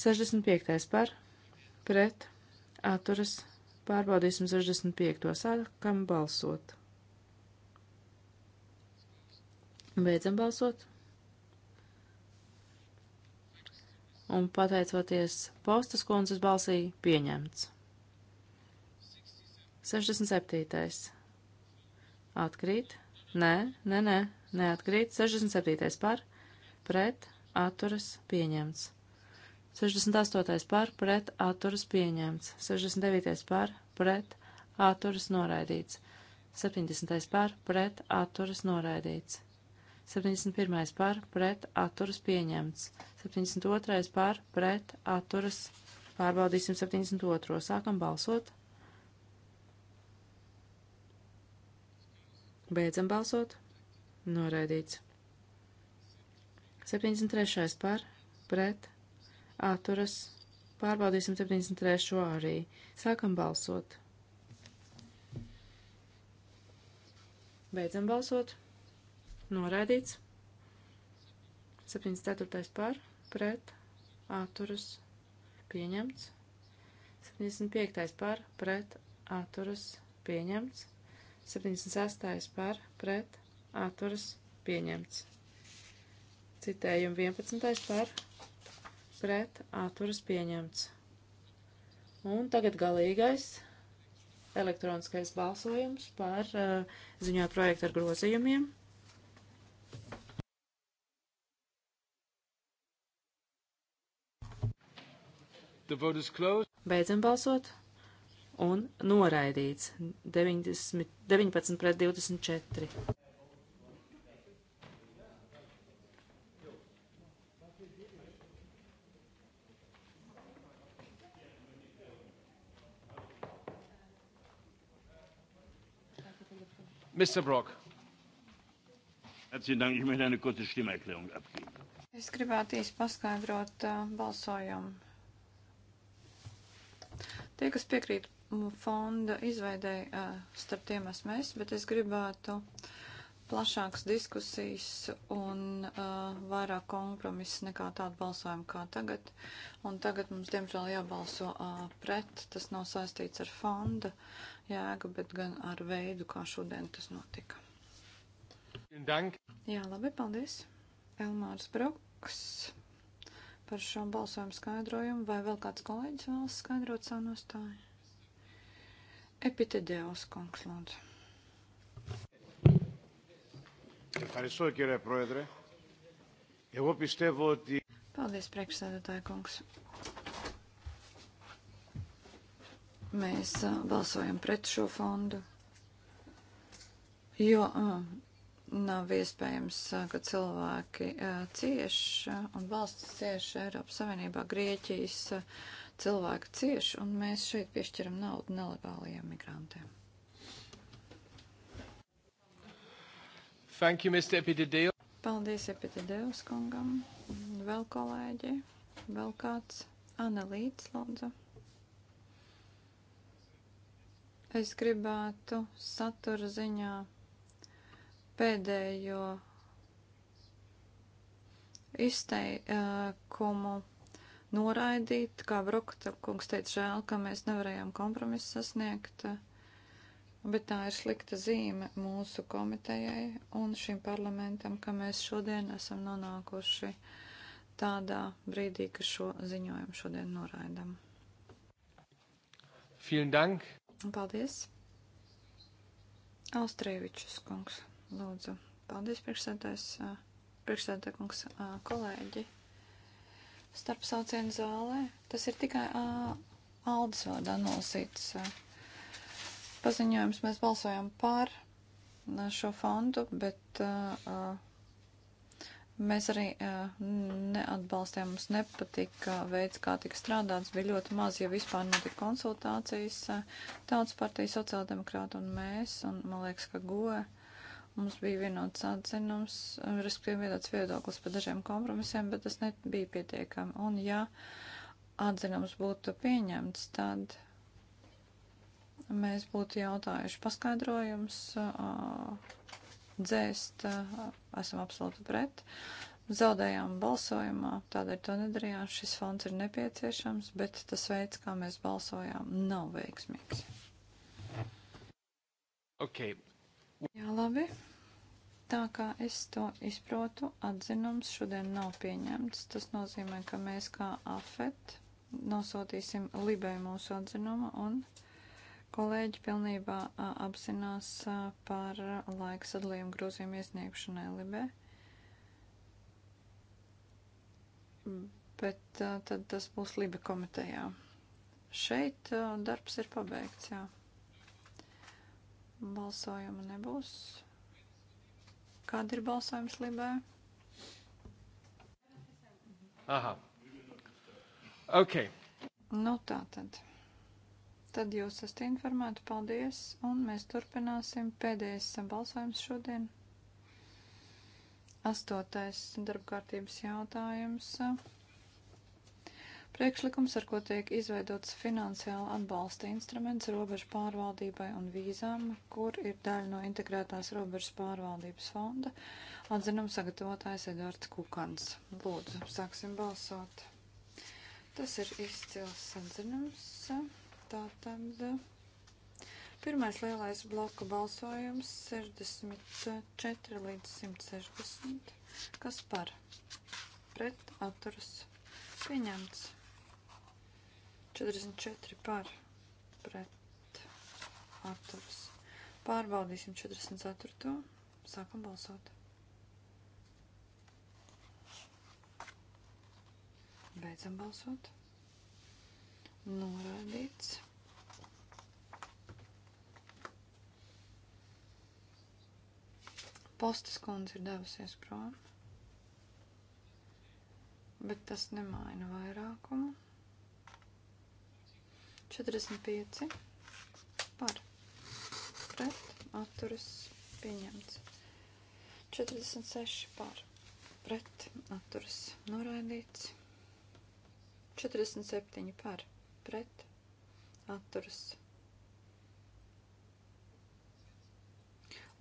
B: 65. par, pret, atturas, pārbaudīsim 65. sākam balsot. Beidzam balsot. Un pateicoties postas kundzes balsī pieņemts. 67. Atkrīt. Nē, nē, nē, neatkrīt. 67. par, pret, atturas, pieņemts. 68. par, pret, atturas, pieņemts. 69. par, pret, atturas, noraidīts. 70. par, pret, atturas, noraidīts. 71. par, pret, atturas, pieņemts. 72. par, pret, atturas, pārbaudīsim 72. Sākam balsot. Beidzam balsot. Noraidīts. 73. par, pret, atturas. Pārbaudīsim 73. arī. Sākam balsot. Beidzam balsot. Noraidīts. 74. par, pret, atturas. Pieņemts. 75. par, pret, atturas. Pieņemts. 76. par pret atturas pieņemts. Citējumi 11. par pret atturas pieņemts. Un tagad galīgais elektroniskais balsojums par uh, ziņoja projektu ar grozījumiem. Beidzam balsot un noraidīts 90, 19 pret 24.
A: Mr. Brock. Herzlichen Dank, ich möchte eine kurze Stimmerklärung abgeben.
C: Es gribētu īsti paskaidrot uh, balsojumu. Tie, kas piekrīt fonda izveidēji starp tiem esmu es, bet es gribētu plašāks diskusijas un uh, vairāk kompromiss nekā tādu balsojumu kā tagad. Un tagad mums, diemžēl, jābalso uh, pret. Tas nav saistīts ar fonda jēgu, bet gan ar veidu, kā šodien tas notika. Dank. Jā, labi, paldies. Elmārs Broks par šo balsojumu skaidrojumu. Vai vēl kāds kolēģis vēlas skaidrot savu nostāju? Επιτεντέως Κόγκλοντ.
A: Ευχαριστώ κύριε Πρόεδρε. Εγώ πιστεύω ότι...
C: Paldies, priekšsēdētāja kungs. Mēs a, balsojam pret šo fondu, jo a, nav iespējams, a, ka cilvēki cieš un valsts cieš Eiropas Savienībā Grieķijas. Uh, cilvēki cieši, un mēs šeit piešķiram naudu nelegālajiem migrantiem.
A: Thank you, Mr. Epidideo.
C: Paldies Epidideus kungam. Vēl kolēģi, vēl kāds analīts, lūdzu. Es gribētu satura ziņā pēdējo izteikumu. Uh, noraidīt. Kā Brokta kungs teica, žēl, ka mēs nevarējām kompromisu sasniegt, bet tā ir slikta zīme mūsu komitejai un šim parlamentam, ka mēs šodien esam nonākuši tādā brīdī, ka šo ziņojumu šodien noraidam. Vielen Dank! Paldies! Austrievičs kungs, lūdzu. Paldies, priekšsēdājs, priekšsēdājs kungs, kolēģi starp saucienu zālē. Tas ir tikai Aldis vārdā nolasīts paziņojums. Mēs balsojam par šo fondu, bet mēs arī neatbalstījām. Mums nepatika veids, kā tika strādāts. Bija ļoti maz, ja vispār notika konsultācijas. Tautas partija, sociāldemokrāta un mēs, un man liekas, ka goja Mums bija vienots atzinums, respektīvi vienots viedoklis par dažiem kompromisiem, bet tas nebija pietiekami. Un ja atzinums būtu pieņemts, tad mēs būtu jautājuši paskaidrojums, dzēst, esam absolūti pret. Zaudējām balsojumā, tādēļ to nedarījām. Šis fonds ir nepieciešams, bet tas veids, kā mēs balsojām, nav veiksmīgs. Okay. Jā, labi. Tā kā es to izprotu, atzinums šodien nav pieņemts. Tas nozīmē, ka mēs kā afet nosūtīsim Libē mūsu atzinumu un kolēģi pilnībā a, apzinās a, par laika sadalījumu grozījumu iesniegšanai Libē. Bet a, tad tas būs Libe komitejā. Šeit darbs ir pabeigts, jā. Balsojuma nebūs. Kāda ir balsojums Libē?
A: Aha. Ok.
C: Nu tā tad. Tad jūs esat informēti. Paldies. Un mēs turpināsim. Pēdējais balsojums šodien. Astotais darbkārtības jautājums. Priekšlikums, ar ko tiek izveidots finansiāla atbalsta instruments robežu pārvaldībai un vīzām, kur ir daļa no integrētās robežas pārvaldības fonda, atzinums sagatavotājs Edvards Kukans. Lūdzu, sāksim balsot. Tas ir izcils atzinums. Tātad. Pirmais lielais bloka balsojums 64 līdz 160. Kas par? Pret atturas pieņemts. 44 par pret atturas. Pārbaudīsim 44. Sākam balsot. Beidzam balsot. Norādīts. Postas kundze ir devusies prom, bet tas nemaina vairākumu. 45 par pret atturas pieņemts. 46 par pret atturas noraidīts. 47 par pret atturas.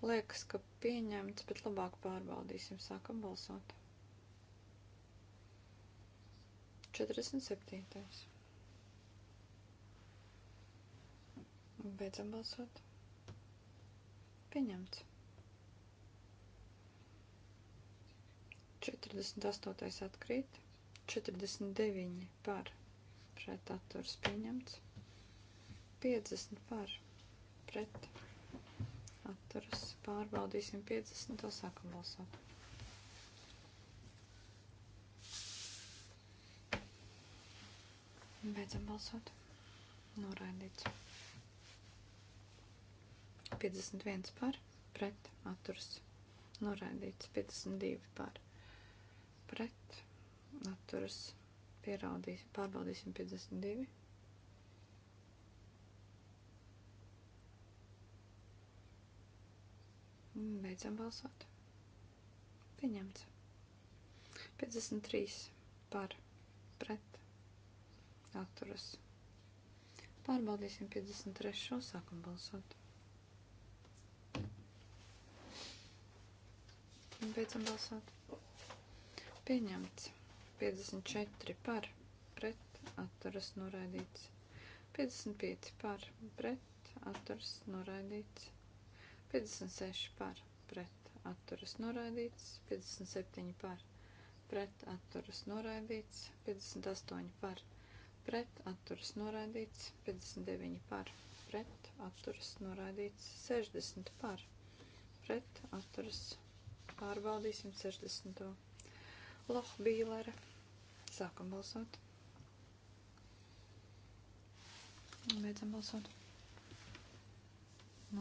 C: Liekas, ka pieņemts, bet labāk pārbaudīsim. Sākam balsot. 47. Beidzam balsot. Pieņemts. 48. atkrīt. 49 par pret atturs pieņemts. 50 par pret atturs. Pārbaudīsim 50. To sākam balsot. Beidzam balsot. Noraidīts. 51 par pret atturas noraidīts. 52 par pret atturas pierādīs, pārbaudīsim 52. Beidzam balsot. Pieņemts. 53 par pret atturas. Pārbaudīsim 53. Sākam balsot. Beidzam balsot. Pieņemts. 54 par pret atturas noraidīts. 55 par pret atturas noraidīts. 56 par pret atturas noraidīts. 57 par pret atturas noraidīts. 58 par pret atturas noraidīts. 59 par pret atturas noraidīts. 60 par pret atturas noraidīts Pārbaudīsim 60. Lohbīlera. Sākam balsot. Un beidzam balsot.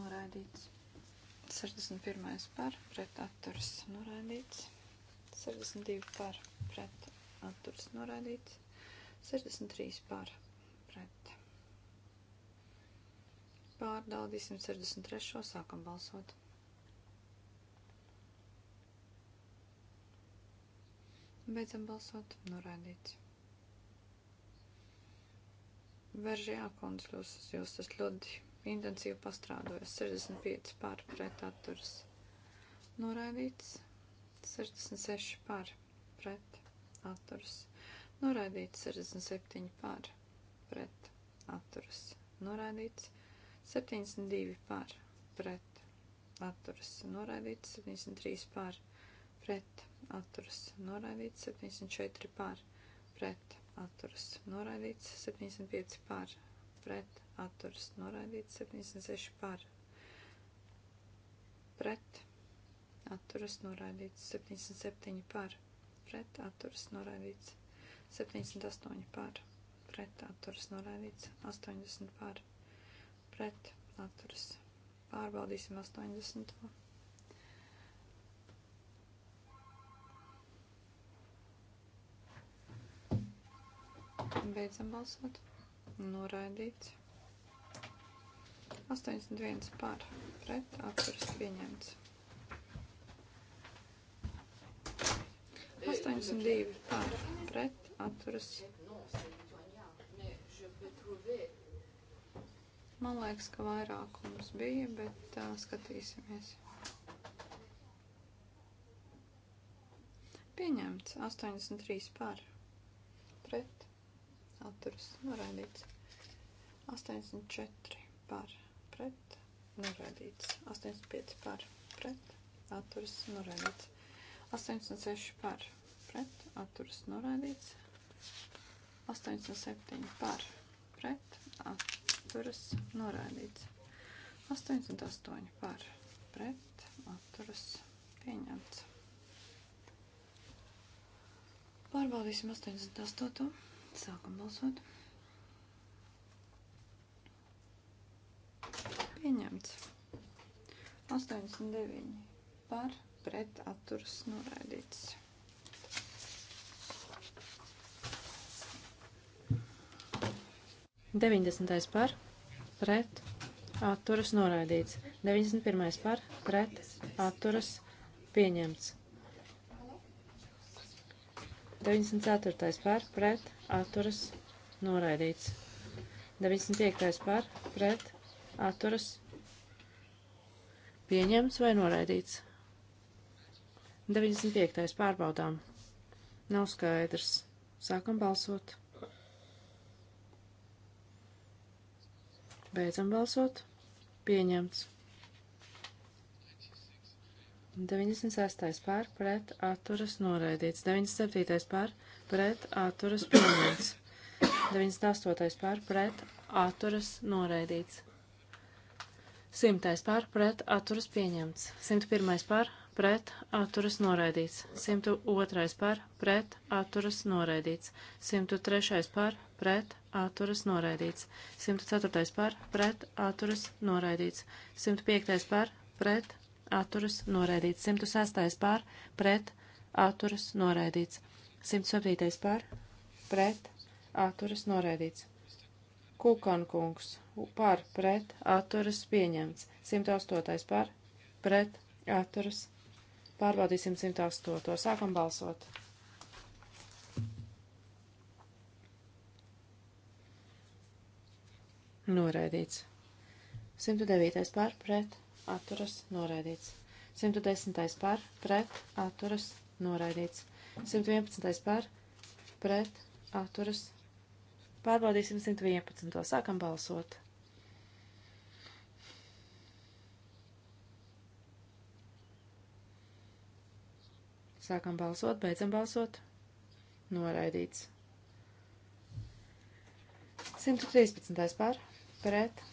C: Noraidīts. 61. par pret atturs noraidīts. 62 par pret atturs noraidīts. 63 par pret. Pārdaudīsim 63. Sākam balsot. Beidzam balsot. Norādīts. Veržajā kundze, jūs esat ļoti intensīvi pastrādājis. 65 pār pret atturas. Noraidīts. 66 pār pret atturas. Noraidīts 67 pār pret atturas. Noraidīts 72 pār pret atturas. Noraidīts 73 pār pret atturas noraidīts 74 par pret atturas noraidīts 75 par pret atturas noraidīts 76 par pret atturas noraidīts 77 par pret atturas noraidīts 78 par pret atturas noraidīts 80 par pret atturas pārbaudīsim 80. Beidzam balsot. Noraidīts. 81 par pret atturas pieņemts. 82 par pret atturas. Man liekas, ka vairākums bija, bet uh, skatīsimies. Pieņemts 83 par pret atturas noraidīts. 84 par pret noraidīts. 85 par pret atturas noraidīts. 86 par pret atturas noraidīts. 87 par pret atturas noraidīts. 88 par pret atturas pieņemts. Pārbaudīsim 88. Sākam balsot. Pieņemts. 89 par pret atturas noraidīts. Deviņdesmitais par pret
B: atturas noraidīts. Deviņdesmit pirmais par pret atturas pieņemts. 94. par pret atturas noraidīts. 95. par pret atturas pieņemts vai noraidīts. 95. pārbaudām. Nav skaidrs. Sākam balsot. Beidzam balsot. Pieņemts. 96. pār pret atturas noraidīts. 97. pār pret atturas pieņemts. 98. pār pret atturas noraidīts. 100. pār pret atturas pieņemts. 101. pār pret atturas noraidīts. 102. pār pret atturas noraidīts. 103. pār pret atturas noraidīts. 104. pār pret atturas noraidīts. 105. pār pret atturas noraidīts. 106. pār pret atturas noraidīts. 107. pār pret atturas noraidīts. Kukankungs par pret atturas pieņemts. 108. par pret atturas. Pārbaudīsim 108. Sākam balsot. Noraidīts. 109. par pret atturas noraidīts. 110. par pret atturas noraidīts. 111. par pret atturas. Pārbaudīsim 111. Sākam balsot. Sākam balsot, beidzam balsot. Noraidīts. 113. par pret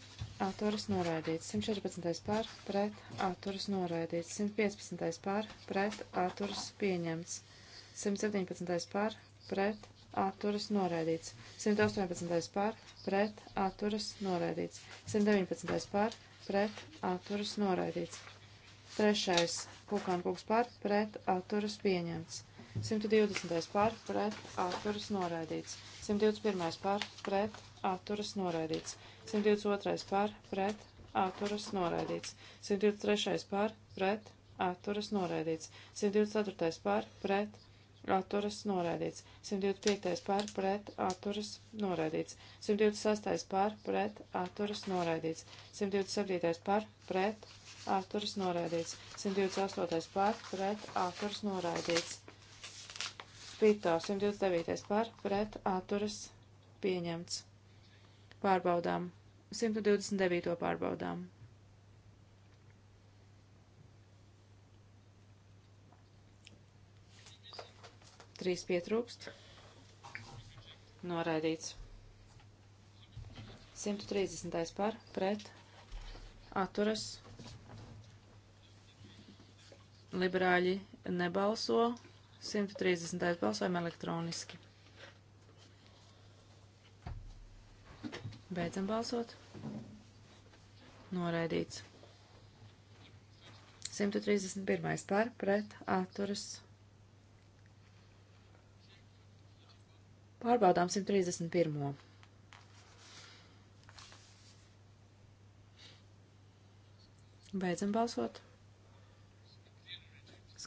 B: atturas noraidīts. 114. pār pret atturas noraidīts. 115. pār pret atturas pieņemts. 117. pār pret atturas noraidīts. 118. pār pret atturas noraidīts. 119. pār pret atturas noraidīts. 3. Kukankungs pār pret atturas pieņemts. 120. pār pret atturas noraidīts. 121. pār pret atturas noraidīts. 122. par pret atturas noraidīts. 123. par pret atturas noraidīts. 124. par pret atturas noraidīts. 125. par pret atturas noraidīts. 126. par pret atturas noraidīts. 127. par pret atturas noraidīts. 128. par pret atturas noraidīts. Pito 129. par pret atturas pieņemts. Pārbaudām. 129. pārbaudām. Trīs pietrūkst. Noraidīts. 130. par, pret, atturas. Liberāļi nebalso. 130. balsojam elektroniski. Beidzam balsot. Noraidīts. 131. par pret atturas. Pārbaudām 131. Beidzam balsot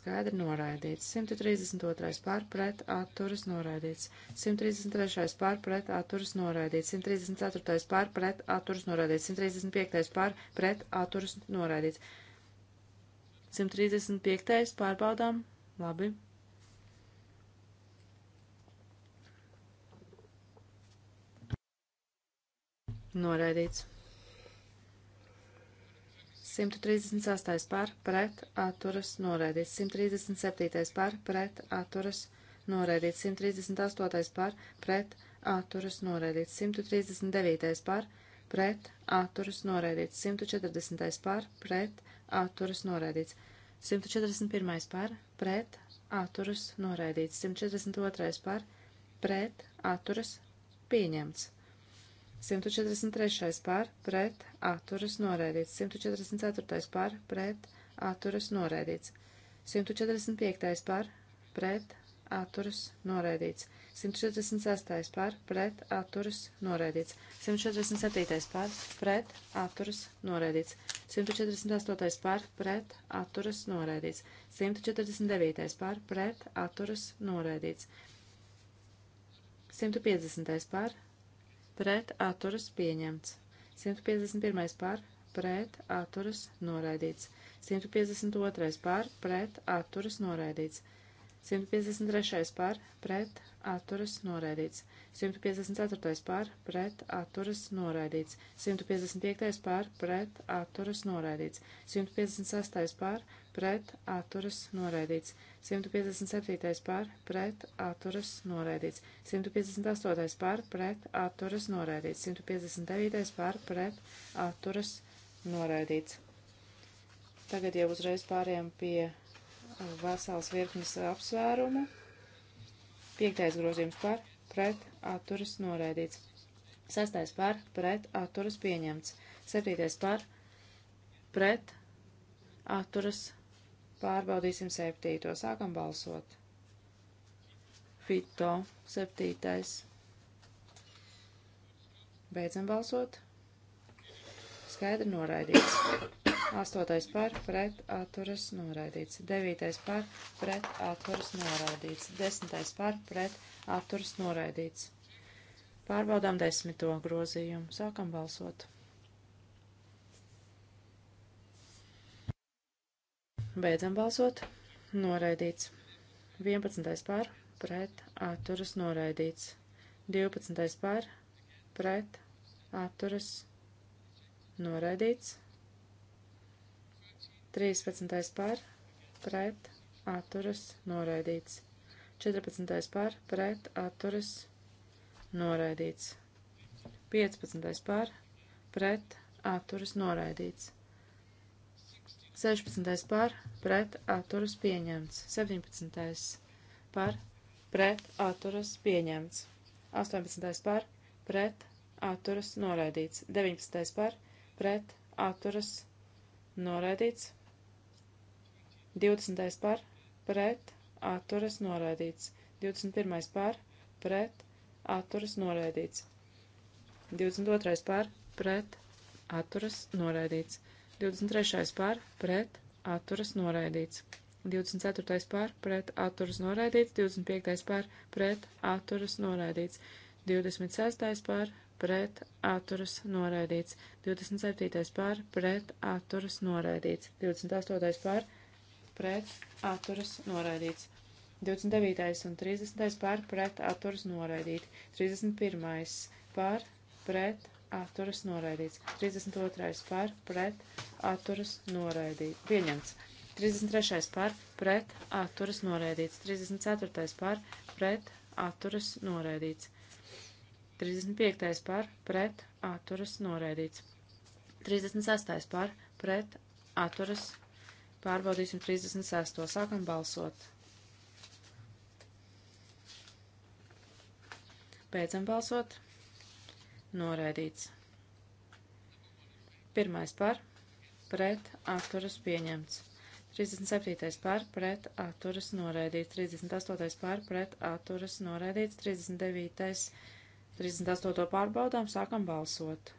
B: skaidri noraidīts. 132. pār pret atturas noraidīts. 133. pār pret atturas noraidīts. 134. pār pret atturas noraidīts. 135. pār pret atturas noraidīts. 135. pārbaudām. Labi. Noraidīts. 138. par pret atturas noraidīts, 137. par pret atturas noraidīts, 138. par pret atturas noraidīts, 139. par pret atturas noraidīts, 140. par pret atturas noraidīts, 141. par pret atturas noraidīts, 142. par pret atturas pieņemts. 143. par pret atturas noraidīts, 144. par pret atturas noraidīts, 145. par pret atturas noraidīts, 146. par pret atturas noraidīts, 147. par pret atturas noraidīts, 148. par pret atturas noraidīts, 149. par pret atturas noraidīts, 150. par pret atturas pieņemts. 151. par pret atturas noraidīts. 152. par pret atturas noraidīts. 153. par pret atturas noraidīts. 154. par pret atturas noraidīts. 155. par pret atturas noraidīts. 156. par pret atturas noraidīts. 157. par pret atturas noraidīts. 158. par pret atturas noraidīts. 159. par pret atturas noraidīts. Tagad jau uzreiz pāriem pie uh, vesels virknes apsvērumu. Piektais grozījums par pret atturas noraidīts. Sestais par pret atturas pieņemts. Septītais par pret atturas noraidīts atturas Pārbaudīsim septīto. Sākam balsot. Fito septītais. Beidzam balsot. Skaidri noraidīts. Astotais par pret atturas noraidīts. Devītais par pret atturas noraidīts. Desmitais par pret atturas noraidīts. Pārbaudām desmito grozījumu. Sākam balsot. Beidzam balsot. Noraidīts. 11. pār pret atturas noraidīts. 12. pār pret atturas noraidīts. 13. pār pret atturas noraidīts. 14. pār pret atturas noraidīts. 15. pār pret atturas noraidīts. 16. par pret atturas pieņemts. 17. par pret atturas pieņemts. 18. par pret atturas noraidīts. 19. par pret atturas noraidīts. 20. par pret atturas noraidīts. 21. par pret atturas noraidīts. 22. par pret atturas noraidīts. 23. pār pret atturas noraidīts. 24. pār pret atturas noraidīts. 25. pār pret atturas noraidīts. 26. pār pret atturas noraidīts. 27. pār pret atturas noraidīts. 28. pār pret atturas noraidīts. 29. un 30. pār pret atturas noraidīti. 31. pār pret atturas noraidīts. 32. par pret atturas noraidīts. Pieņemts. 33. par pret atturas noraidīts. 34. par pret atturas noraidīts. 35. par pret atturas noraidīts. 36. par pret atturas pārbaudīsim 36. sākam balsot. Beidzam balsot noraidīts. Pirmais par, pret, atturas pieņemts. 37. par, pret, atturas noraidīts. 38. par, pret, atturas noraidīts. 39. 38. pārbaudām, sākam balsot.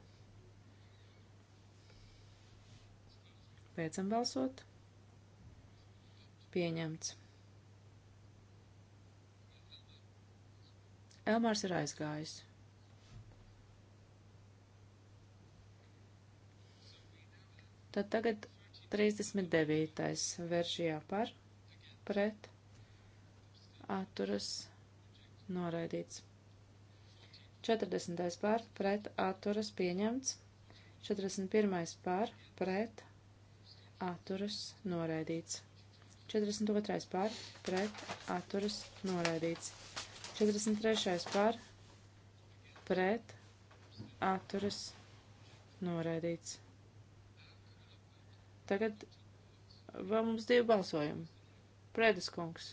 B: Beidzam balsot. Pieņemts. Elmārs ir aizgājis. Tad tagad 39. veržijā par, pret, atturas, noraidīts. 40. par, pret, atturas, pieņemts. 41. par, pret, atturas, noraidīts. 42. par, pret, atturas, noraidīts. 43. par, pret, atturas, noraidīts. Tagad vēl mums divi balsojumi. Prēdas kungs.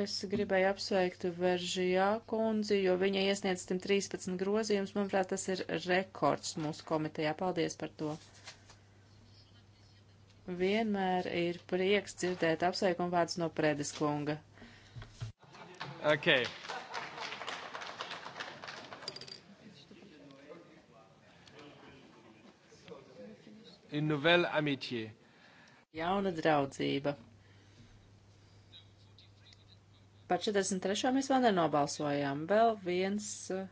B: Es gribēju apsveikt Veržijā kundzi, jo viņa iesniedz 113 grozījumus. Manuprāt, tas ir rekords mūsu komitejā. Paldies par to. Vienmēr ir prieks dzirdēt apsveikumu vārdus no Prēdas kunga.
A: Okay. une nouvelle amitié.
B: Jauna draudzība. Par 43. mēs vēl nenobalsojām. Vēl viens. Eh,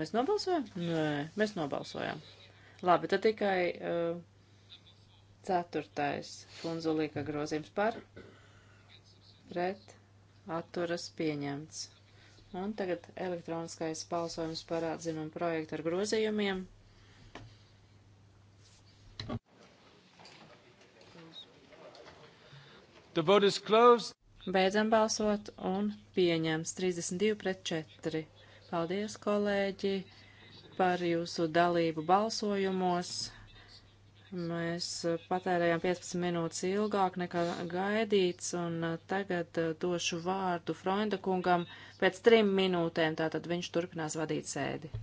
B: mēs nobalsojām? Nē, mēs nobalsojām. Labi, tad tikai uh, ceturtais funzulīka grozījums par pret atturas pieņemts. Un tagad elektroniskais balsojums par atzinumu projektu ar grozījumiem.
A: Beidzam
B: balsot un pieņems 32 pret 4. Paldies, kolēģi, par jūsu dalību balsojumos. Mēs patērējām 15 minūtes ilgāk nekā gaidīts, un uh, tagad uh, došu vārdu Freunda kungam pēc trim minūtēm, tātad viņš turpinās vadīt sēdi.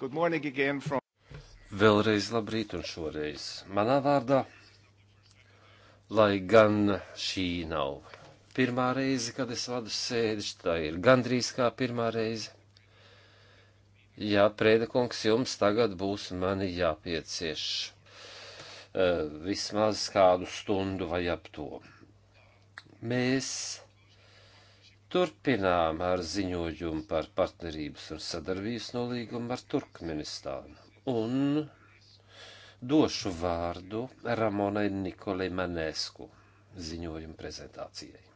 A: Good morning again from. Vēlreiz labrīt un šoreiz manā vārdā, lai gan šī nav pirmā reize, kad es vadu sēdiņu, tā ir gandrīz kā pirmā reize. Jā, Prēda kungs, jums tagad būs mani jāpiecieš eh, vismaz kādu stundu vai ap to. Mēs Turpinām ar ziņojumu par partnerības un sadarbības nolīgumu ar Turkmenistānu. Un došu vārdu Ramonai Nikolai Manesku ziņojumu prezentācijai.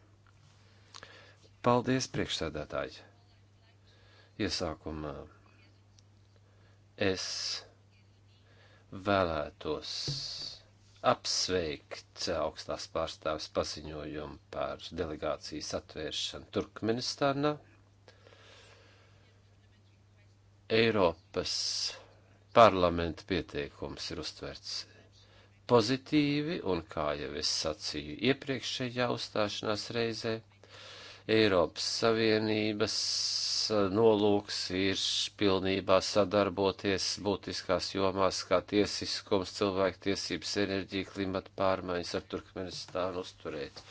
A: Paldies, priekšsēdētāji! Iesākumā es vēlētos apsveikt augstās pārstāvis paziņojumu par delegācijas atvēršanu Turkmenistānā. Eiropas parlamenta pieteikums ir uztverts pozitīvi, un kā jau es sacīju iepriekšējā uzstāšanās reizē, Eiropas Savienības eh, nolūks ir pilnībā sadarboties būtiskās jomās kā tiesiskums, cilvēktiesības, enerģija, klimata pārmaiņas ar Turkmenistānu uzturēt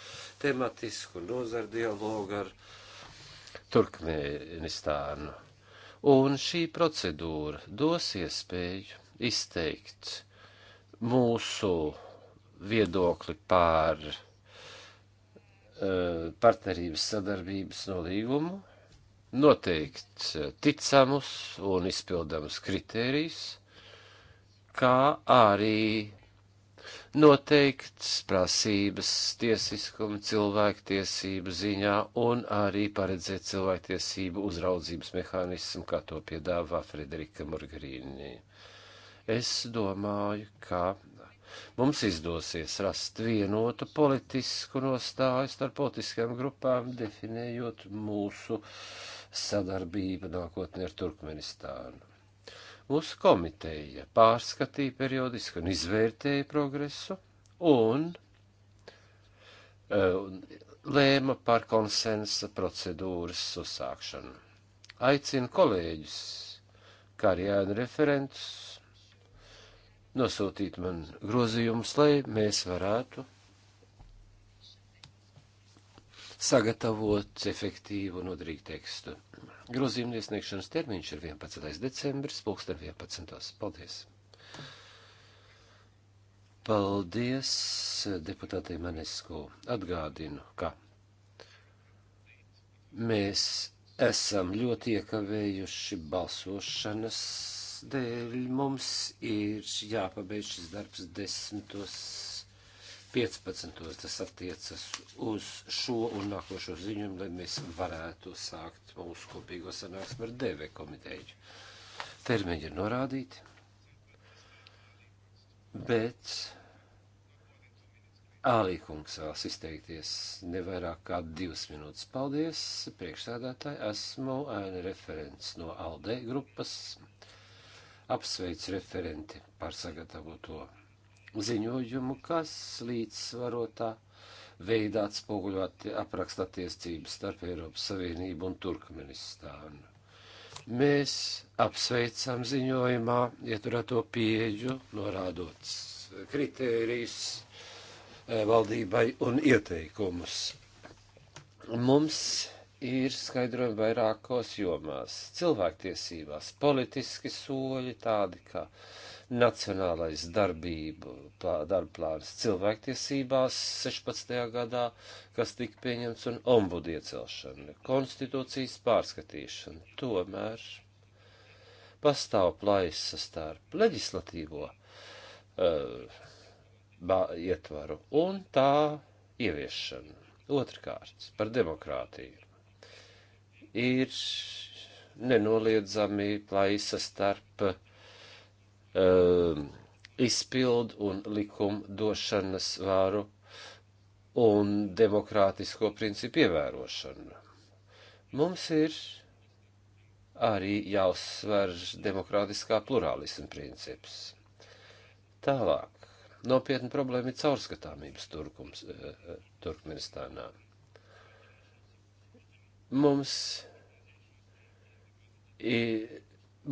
A: tematisku nozaru dialogu ar Turkmenistānu. Un šī procedūra dos iespēju izteikt mūsu viedokli pār Eh, partnerības sadarbības nolīgumu noteikt eh, ticamus un izpildamus kritērijus, kā arī noteikt prasības tiesiskuma cilvēktiesību ziņā un arī paredzēt cilvēktiesību uzraudzības mehānismu, kā to piedāvā Frederika Morgarīnī. Es domāju, ka mums izdosies rast vienotu politisku nostāju starp politiskajām grupām, definējot mūsu sadarbību nākotnē ar Turkmenistānu. Mūsu komiteja pārskatīja periodiski un izvērtēja progresu un uh, lēma par konsensa procedūras uzsākšanu. Aicinu kolēģus, kā arī referentus nosūtīt man grozījumus, lai mēs varētu sagatavot efektīvu un nodrīgu tekstu. Grozījuma iesniegšanas termiņš ir 11. decembris, 2011. Paldies! Paldies deputātei Manesko. Atgādinu, ka mēs esam ļoti iekavējuši balsošanas dēļ mums ir jāpabeidz šis darbs 10.15. Tas attiecas uz šo un nākošo ziņojumu, lai mēs varētu sākt mūsu kopīgo sanāksmu ar DV komiteju. Termiņi ir norādīti, bet Ālīkungs vēlas izteikties nevairāk kā divas minūtes. Paldies, priekšsēdētāji, esmu ēna referents no ALDE grupas apsveic referenti par sagatavoto ziņojumu, kas līdzsvarotā veidā atspoguļo apraksta attiecības starp Eiropas Savienību un Turkmenistānu. Mēs apsveicam ziņojumā ieturēto pieeju, norādot kritērijus eh, valdībai un ieteikumus. Mums ir skaidrojumi vairākos jomās - cilvēktiesībās, politiski soļi tādi kā nacionālais darbību, plā, darba plāns cilvēktiesībās 16. gadā, kas tika pieņemts un ombudu iecelšana, konstitūcijas pārskatīšana. Tomēr pastāv plaisa starp leģislatīvo uh, eh, bā, ietvaru un tā ieviešanu. Otrkārt, par demokrātiju ir nenoliedzami plaisa starp uh, izpildu un likumdošanas vāru un demokrātisko principu ievērošanu. Mums ir arī jāuzsver demokrātiskā plurālisma princips. Tālāk, nopietna problēma ir caurskatāmības turkums, eh, eh, Turkmenistānā. Uh, mums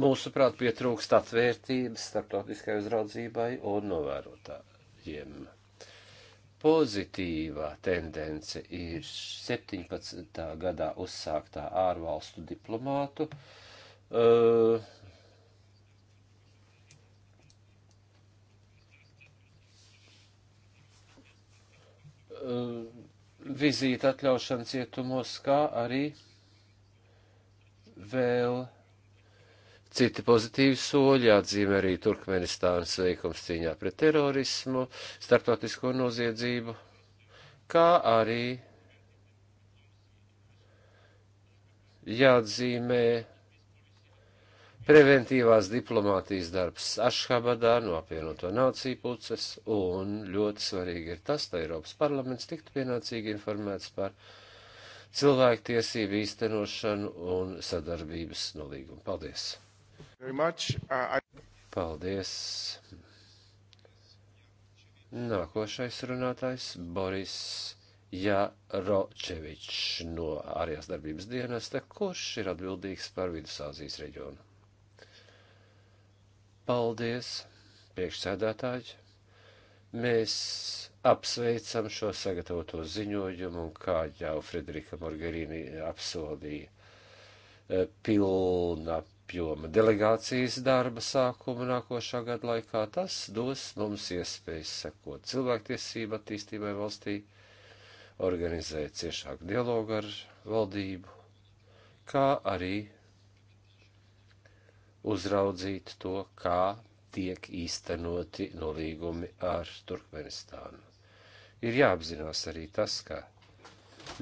A: mūsuprāt pietrūkst atvērtības starptautiskai uzraudzībai un novērotājiem. Pozitīvā tendence ir 17. gadā uzsāktā ārvalstu diplomātu uh, uh, vizīta atļaušana cietumos, kā arī vēl citi pozitīvi soļi, atzīmē arī Turkmenistānas veikums cīņā pret terorismu, starptautisko noziedzību, kā arī jāatzīmē preventīvās diplomātijas darbs Ašhabadā no apvienoto nāciju puses, un ļoti svarīgi ir tas, lai Eiropas parlaments tiktu pienācīgi informēts par cilvēktiesību īstenošanu un sadarbības nolīgumu. Paldies! Uh, Paldies! Nākošais runātājs Boris. Jaročevičs no ārējās darbības dienesta, kurš ir atbildīgs par Vidusāzijas reģionu. Paldies, priekšsēdētāji! Mēs apsveicam šo sagatavoto ziņojumu, un kā jau Frederika Morgarīni apsolīja, eh, pilna apjoma delegācijas darba sākuma nākošā gada laikā. Tas dos mums iespējas sekot cilvēktiesību attīstībai valstī, organizēt ciešāku dialogu ar valdību, kā arī uzraudzīt to, kā tiek īstenoti nolīgumi ar Turkmenistānu. Ir jāapzinās arī tas, ka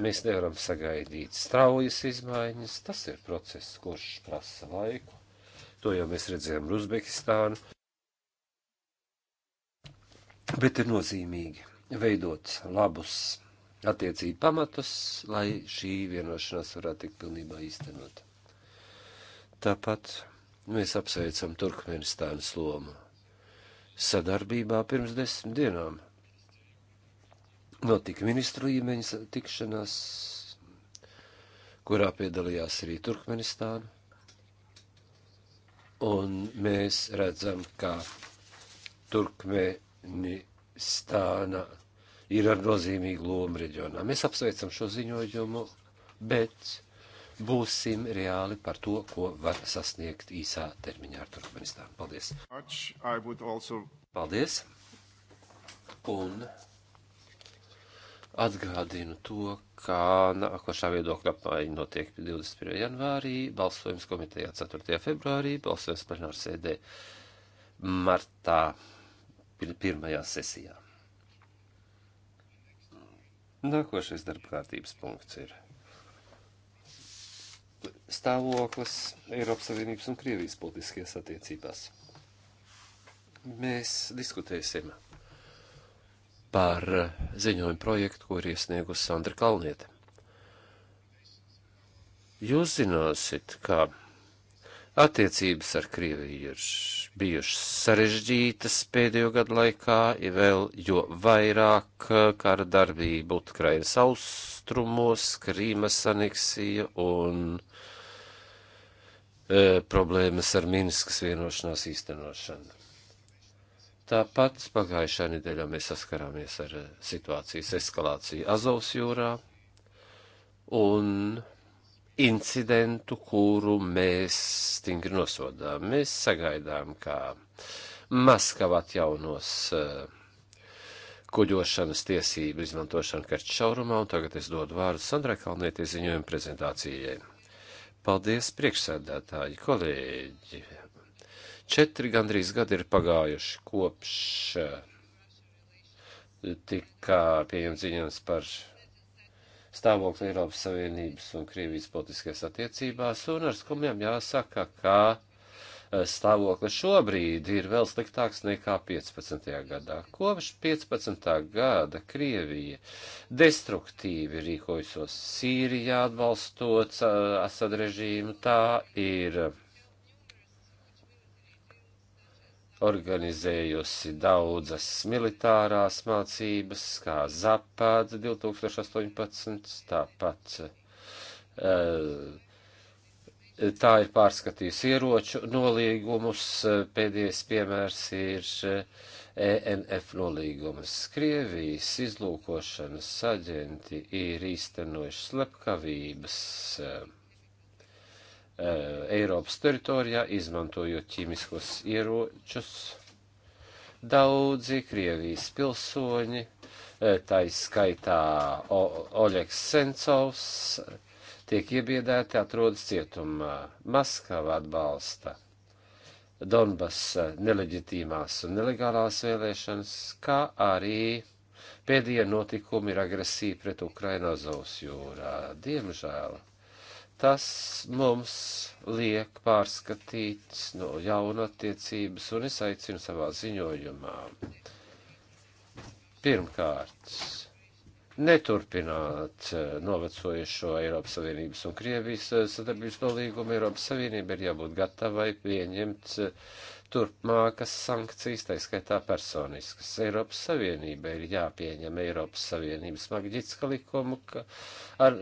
A: mēs nevaram sagaidīt straujas izmaiņas, tas ir process, kurš prasa laiku. To jau mēs redzējām ar Uzbekistānu. Bet ir nozīmīgi veidot labus attiecību pamatus, lai šī vienošanās varētu tikt pilnībā īstenot. Tāpat Mēs apsveicam Turkmenistānas lomu sadarbībā pirms desmit dienām. Notika ministru līmeņa tikšanās, kurā piedalījās arī Turkmenistāna. Un mēs redzam, ka Turkmenistāna ir ar nozīmīgu lomu reģionā. Mēs apsveicam šo ziņojumu, bet būsim reāli par to, ko var sasniegt īsā termiņā ar Turkmenistānu. Paldies! Also... Paldies! Un atgādinu to, ka nākošā viedokļa apmaiņa notiek 21. janvārī, balsojums komitejā 4. februārī, balsojums plenāra sēdē martā pirmajā sesijā. Nākošais darba kārtības punkts ir stāvoklis Eiropas Savienības un Krievijas politiskajās attiecībās. Mēs diskutēsim par ziņojumu projektu, ko ir iesniegusi Sandra Kalniete. Jūs zināsit, ka Attiecības ar Krieviju ir bijušas sarežģītas pēdējo gadu laikā, ja vēl jo vairāk uh, kara darbība Ukrainas austrumos, Krīmas aneksija un e, problēmas ar Minskas vienošanās īstenošanu. Tāpat pagājušā nedēļā mēs saskarāmies ar uh, situācijas eskalāciju Azovs jūrā un incidentu, kuru mēs stingri nosodām. Mēs sagaidām, kā Maskava atjaunos eh, kuģošanas tiesību izmantošanu karčšaurumā, un tagad es dodu vārdu Sandrai Kalnietie ziņojumu prezentācijai. Paldies, priekšsēdētāji, kolēģi! Četri gandrīz gadi ir pagājuši kopš eh, tika pieņemts ziņojums par stāvokli Eiropas Savienības un Krievijas politiskajās attiecībās, un ar skumjām jāsaka, ka eh, stāvokli šobrīd ir vēl sliktāks nekā 15. gadā. Kopš 15. gada Krievija destruktīvi rīkojusos Sīrijā atbalstot eh, Asad režīmu, tā ir organizējusi daudzas militārās mācības, kā Zapāda 2018, tāpat eh, tā ir pārskatījusi ieroču nolīgumus, pēdējais piemērs ir ENF eh, e nolīgumas. Krievijas izlūkošanas aģenti ir īstenojuši slepkavības. Uh, Eh, Eiropas teritorijā, izmantojot ķīmiskos ieročus. Daudzi Krievijas pilsoņi, eh, tā izskaitā Oļegs Sencovs, tiek iebiedēti, atrodas cietumā. Maskava atbalsta Donbasa eh, neleģitīmās un nelegālās vēlēšanas, kā arī pēdējie notikumi ir agresija pret Ukrainu Azovas jūrā. Diemžēl Tas mums liek pārskatīt no jaunu attiecības, un es aicinu savā ziņojumā. Pirmkārt, neturpināt eh, novecojušo Eiropas Savienības un Krievijas eh, sadarbības nolīgumu. Eiropas Savienība ir jābūt gatavai pieņemt eh, turpmākas sankcijas, tā skaitā personiskas. Eiropas Savienība ir jāpieņem Eiropas Savienības Magnitska likumu ar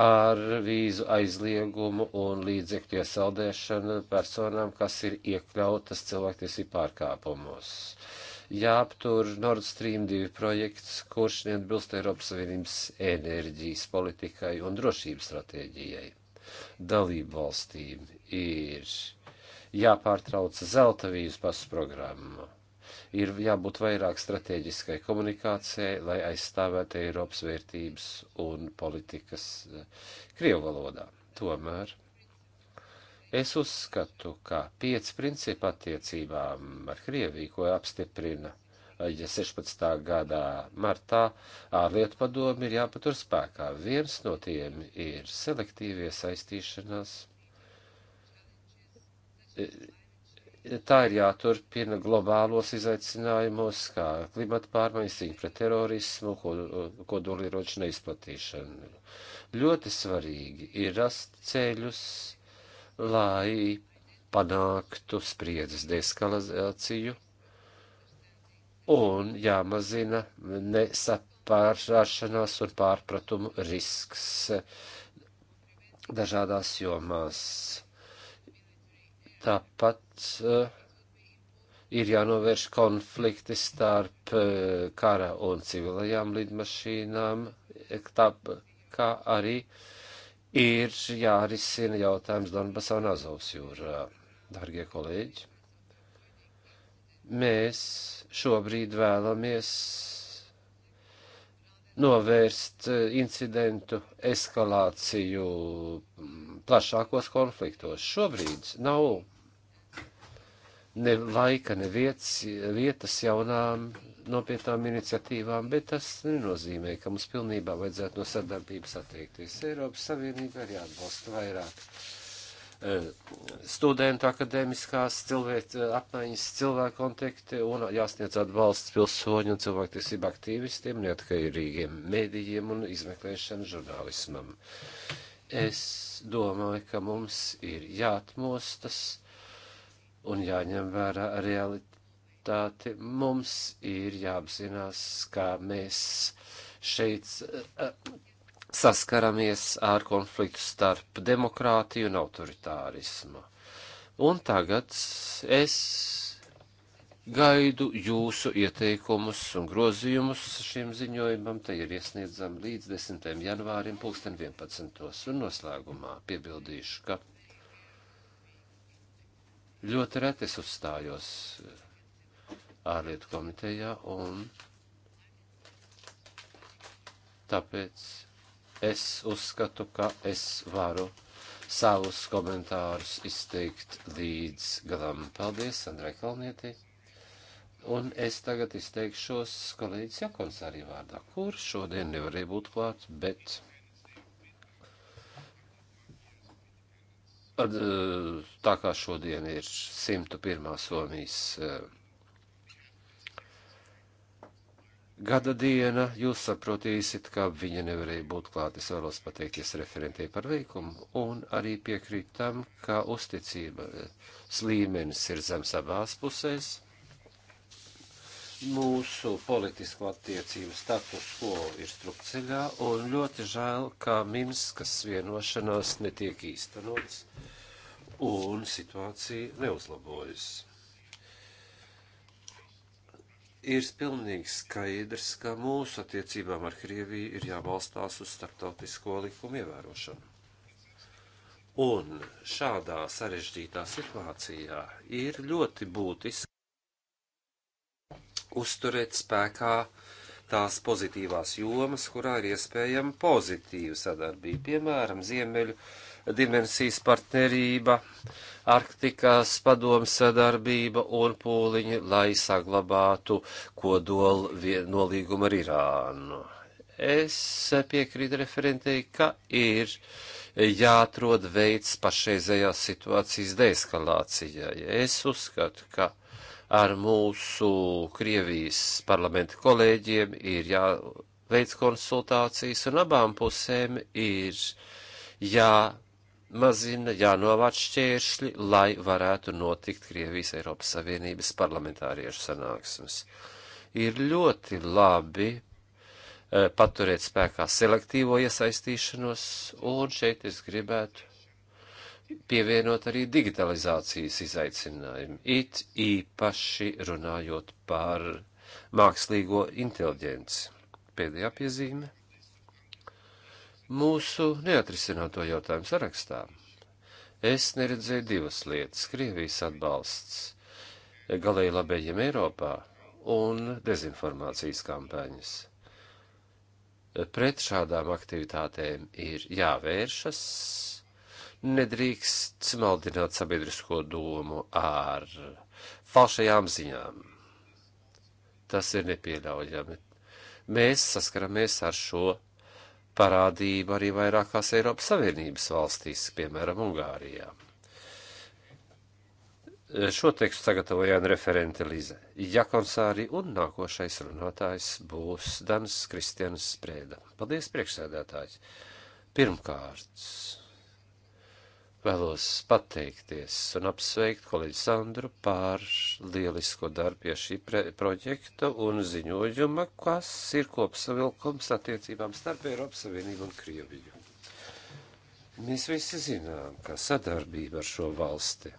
A: ar vīzu aizliegumu un līdzekļu iesaldēšanu personām, kas ir iekļautas cilvēktiesību pārkāpumos. Jāaptur Nord Stream 2 projekts, kurš neatbilst Eiropas Savienības enerģijas politikai un drošības stratēģijai. Dalību valstīm ir jāpārtrauc zelta vīzu pasu programma ir jābūt vairāk strateģiskai komunikācijai, lai aizstāvētu Eiropas vērtības un politikas eh, Krievu valodā. Tomēr es uzskatu, ka pieci principi attiecībām ar Krieviju, ko apstiprina eh, ja 16. gadā martā ārlietu padomi ir jāpatur spēkā. Viens no tiem ir selektīvie saistīšanās eh, tā ir jāturpina globālos izaicinājumos, kā klimata pārmaiņas, cīņa pret terorismu, kodolieroču neizplatīšanu. Ļoti svarīgi ir rast ceļus, lai panāktu spriedzes deskalazāciju un jāmazina nesapāršāšanās un pārpratumu risks dažādās jomās Tāpat uh, ir jānovērš konflikti starp uh, kara un civilajām lidmašīnām, tā, kā arī ir jārisina jautājums Donbasā un Azovas jūrā. Dargie kolēģi, mēs šobrīd vēlamies novērst eh, incidentu eskalāciju plašākos konfliktos. Šobrīd nav ne laika, ne vietas, vietas jaunām nopietnām iniciatīvām, bet tas nenozīmē, ka mums pilnībā vajadzētu no sadarbības atteikties. Eiropas Savienība arī atbalsta vairāk eh, studentu akadēmiskās cilvēku eh, apmaiņas, cilvēku kontakti un jāsniedz atbalsts pilsoņu un cilvēktiesību aktīvistiem, neatkarīgiem mēdījiem un izmeklēšanu žurnālismam. Es domāju, ka mums ir jāatmostas un jāņem vērā realitāti. Mums ir jāapzinās, kā mēs šeit eh, eh, saskaramies ar konfliktu starp demokrātiju un autoritārismu. Un tagad es gaidu jūsu ieteikumus un grozījumus šiem ziņojumam. Te ir iesniedzami līdz 10. janvārim, 2011. un noslēgumā piebildīšu, ka Ļoti reti es uzstājos eh, ārlietu komitejā un tāpēc es uzskatu, ka es varu savus komentārus izteikt līdz galam. Paldies, Andrei Kalnietī! Un es tagad izteikšos kolēģis Jakons arī vārdā, kurš šodien nevarēja būt klāt, bet Eh, tā kā šodien ir 101. Somijas eh, gada diena, jūs saprotīsiet, ka viņa nevarēja būt klāt. Es vēlos pateikties referentē par veikumu un arī piekrīt tam, ka uzticības eh, līmenis ir zems abās pusēs mūsu politisko attiecību status quo ir strupceļā, un ļoti žēl, ka Minskas vienošanās netiek īstenots, un situācija neuzlabojas. Ir pilnīgi skaidrs, ka mūsu attiecībām ar Krieviju ir jābalstās uz starptautisko likumu ievērošanu. Un šādā sarežģītā situācijā ir ļoti būtiski uzturēt spēkā tās pozitīvās jomas, kurā ir iespējama pozitīva sadarbība, piemēram, Ziemeļu dimensijas partnerība, Arktikas padomu sadarbība un pūliņi, lai saglabātu kodolu nolīgumu ar Irānu. Es piekrītu referentei, ka ir jāatrod veids pašreizējās situācijas deeskalācijai. Es uzskatu, ka ar mūsu Krievijas parlamenta kolēģiem, ir jāveic konsultācijas, un abām pusēm ir jāmazina, jānovāc šķēršļi, lai varētu notikt Krievijas Eiropas Savienības parlamentāriešu sanāksmes. Ir ļoti labi eh, paturēt spēkā selektīvo iesaistīšanos, un šeit es gribētu pievienot arī digitalizācijas izaicinājumu, it īpaši runājot par mākslīgo inteliģenci. Pēdējā piezīme - mūsu neatrisināto jautājumu sarakstā. Es neredzēju divas lietas - Krievijas atbalsts galēji labējiem Eiropā un dezinformācijas kampaņas. Pret šādām aktivitātēm ir jāvēršas Nedrīkst smaldināt sabiedrisko domu ar falšajām ziņām. Tas ir nepieļaujami. Mēs saskaramies ar šo parādību arī vairākās Eiropas Savienības valstīs, piemēram, Ungārijā. Šo tekstu sagatavoja referente Lize Jakonsāri un nākošais runātājs būs Dans Kristians Sprēda. Paldies, priekšsēdētājs! Pirmkārt, Vēlos pateikties un apsveikt kolēģi Sandru par lielisko darbu pie šī projekta un ziņojuma, kas ir kopsavilkums attiecībām starp Eiropas Savienību un Krieviju. Mēs visi zinām, ka sadarbība ar šo valsti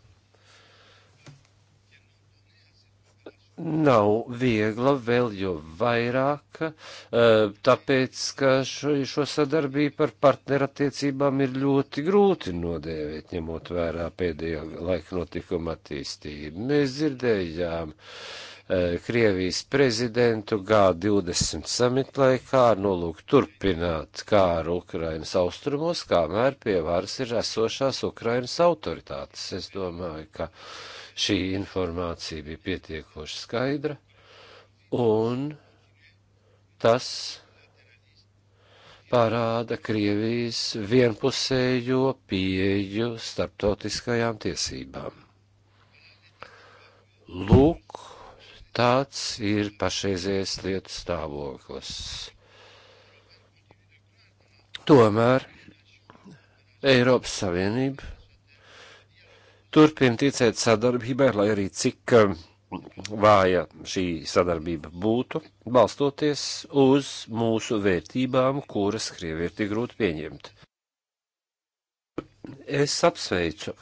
A: nav viegla vēl jo vairāk, eh, tāpēc, ka šo, šo sadarbību par partnerattiecībām ir ļoti grūti nodēvēt, ņemot vērā pēdējo laiku notikuma attīstību. Mēs dzirdējām eh, Krievijas prezidentu G20 samit laikā nolūk turpināt kāru Ukrainas austrumos, kamēr pie varas ir esošās Ukrainas autoritātes. Es domāju, ka Šī informācija bija pietiekoši skaidra, un tas parāda Krievijas vienpusējo pieeju starptautiskajām tiesībām. Lūk, tāds ir pašreizējais lietu stāvoklis. Tomēr Eiropas Savienība turpina ticēt sadarbībai, lai arī cik um, vāja šī sadarbība būtu, balstoties uz mūsu vērtībām, kuras Krievi ir tik grūti pieņemt. Es apsveicu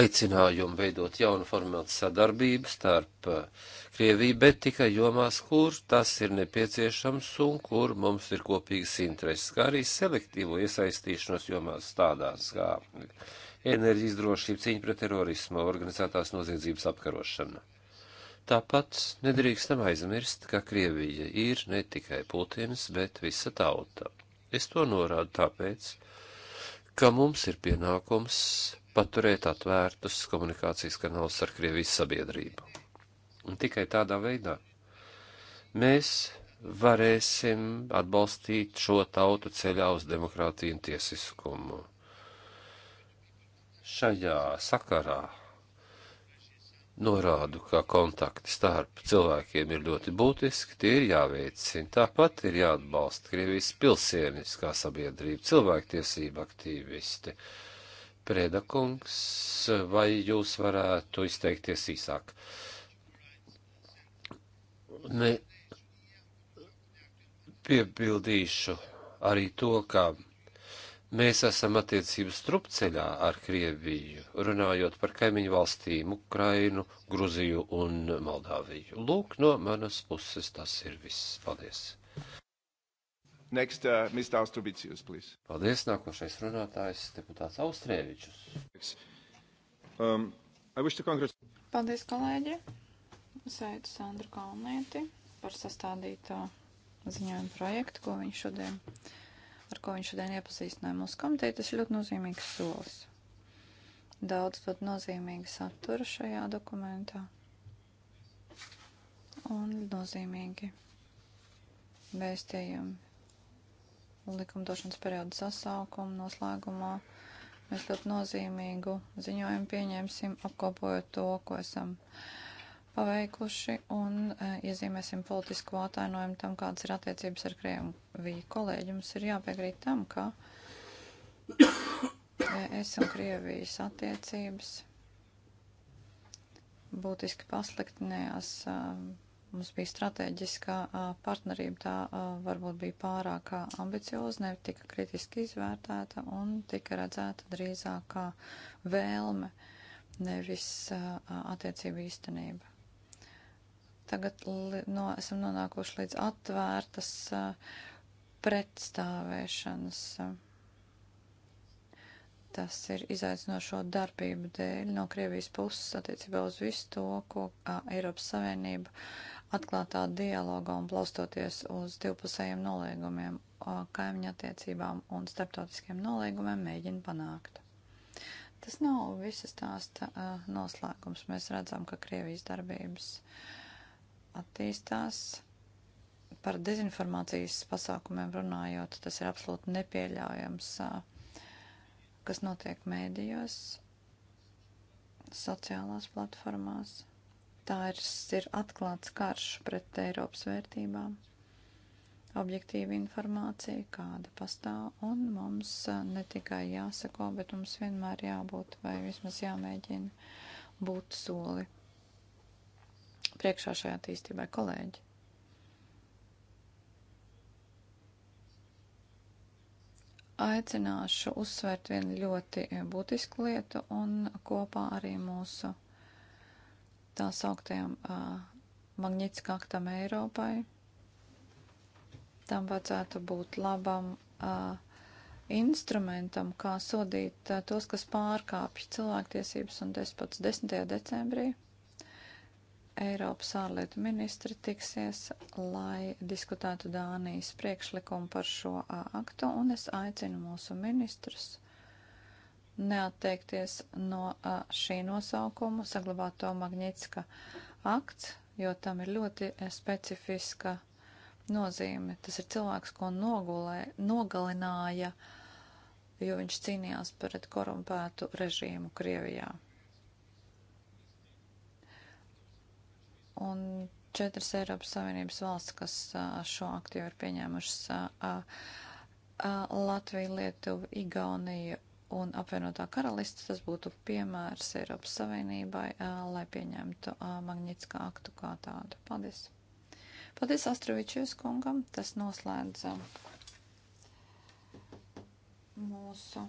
A: aicinājumu veidot jaunu formātu sadarbību starp uh, Krieviju, bet tikai jomās, kur tas ir nepieciešams un kur mums ir kopīgas intereses, kā arī selektīvo iesaistīšanos jomās tādās kā enerģijas drošība, cīņa pret terorismu, organizētās noziedzības apkarošana. Tāpat nedrīkstam aizmirst, ka Krievija ir ne tikai Putins, bet visa tauta. Es to norādu tāpēc, ka mums ir pienākums paturēt atvērtus komunikācijas kanālus ar Krievijas sabiedrību. Un tikai tādā veidā mēs varēsim atbalstīt šo tautu ceļā uz demokrātiju un tiesiskumu. Šajā sakarā norādu, ka kontakti starp cilvēkiem ir ļoti būtiski, tie ir jāveicina. Tāpat ir jāatbalsta Krievijas pilsieniskā sabiedrība, cilvēktiesība aktīvisti. Predakungs, vai jūs varētu izteikties īsāk? Ne, piebildīšu arī to, ka Mēs esam attiecības strupceļā ar Krieviju, runājot par kaimiņu valstīm Ukrainu, Gruziju un Moldāviju. Lūk, no manas puses tas ir viss. Paldies! Next, uh, Mr. Austrovicius, please. Paldies, nākošais runātājs, deputāts Austrēvičus. Um, I wish to congress...
C: Paldies, kolēģi. Sveicu Sandru Kalnieti par sastādīto ziņojumu projektu, ko viņš šodien uh, ar ko viņš šodien iepazīstināja mūsu komiteju, tas ir ļoti nozīmīgs solis. Daudz ļoti nozīmīga satura šajā dokumentā. Un nozīmīgi vēstījumi likumdošanas perioda sasaukuma noslēgumā. Mēs ļoti nozīmīgu ziņojumu pieņemsim, apkopojot to, ko esam uh, paveikuši un uh, iezīmēsim politisku atvainojumu tam, kādas ir attiecības ar Krieviju. Kolēģi, mums ir jāpiekrīt tam, ka e, es un Krievijas attiecības būtiski pasliktinājās. Uh, e, mums bija strateģiskā partnerība, tā varbūt bija pārāk ambicioza, ne tika kritiski izvērtēta un tika redzēta drīzāk kā vēlme, nevis attiecība īstenība. Tagad no, esam nonākuši līdz atvērtas eh, pretstāvēšanas. Eh, tas ir izaicinošo darbību dēļ no Krievijas puses attiecībā uz visu to, ko a, Eiropas Savienība atklātā dialogā un plaustoties uz divpusējiem nolīgumiem, kaimiņa attiecībām un starptautiskiem nolīgumiem mēģina panākt. Tas nav visas tās tā, noslēgums. Mēs redzam, ka Krievijas darbības uh, attīstās. Par dezinformācijas pasākumiem runājot, tas ir absolūti nepieļaujams, kas notiek mēdījos, sociālās platformās. Tā ir, ir atklāts karš pret Eiropas vērtībām objektīva informācija, kāda pastāv, un mums ne tikai jāsako, bet mums vienmēr jābūt vai vismaz jāmēģina būt soli priekšā šajā attīstībai, kolēģi. Aicināšu uzsvērt vienu ļoti būtisku lietu un kopā arī mūsu tā sauktajam uh, magnītiskā aktam Eiropai. Tam vajadzētu būt labam. Uh, instrumentam, kā sodīt tos, kas pārkāpj cilvēktiesības un despots 10. decembrī. Eiropas ārlietu ministri tiksies, lai diskutētu Dānijas priekšlikumu par šo aktu, un es aicinu mūsu ministrus neatteikties no šī nosaukuma, saglabāt to Magnitska akts, jo tam ir ļoti e, specifiska nozīme. Tas ir cilvēks, ko nogulē, nogalināja, jo viņš cīnījās pret korumpētu režīmu Krievijā. un četras Eiropas Savienības valsts, kas šo aktu jau ir pieņēmušas - Latvija, Lietuva, Igaunija un apvienotā karalista. Tas būtu piemērs Eiropas Savienībai, lai pieņemtu Magnitska aktu kā tādu. Paldies! Paldies Astrovičijas kungam, tas noslēdz mūsu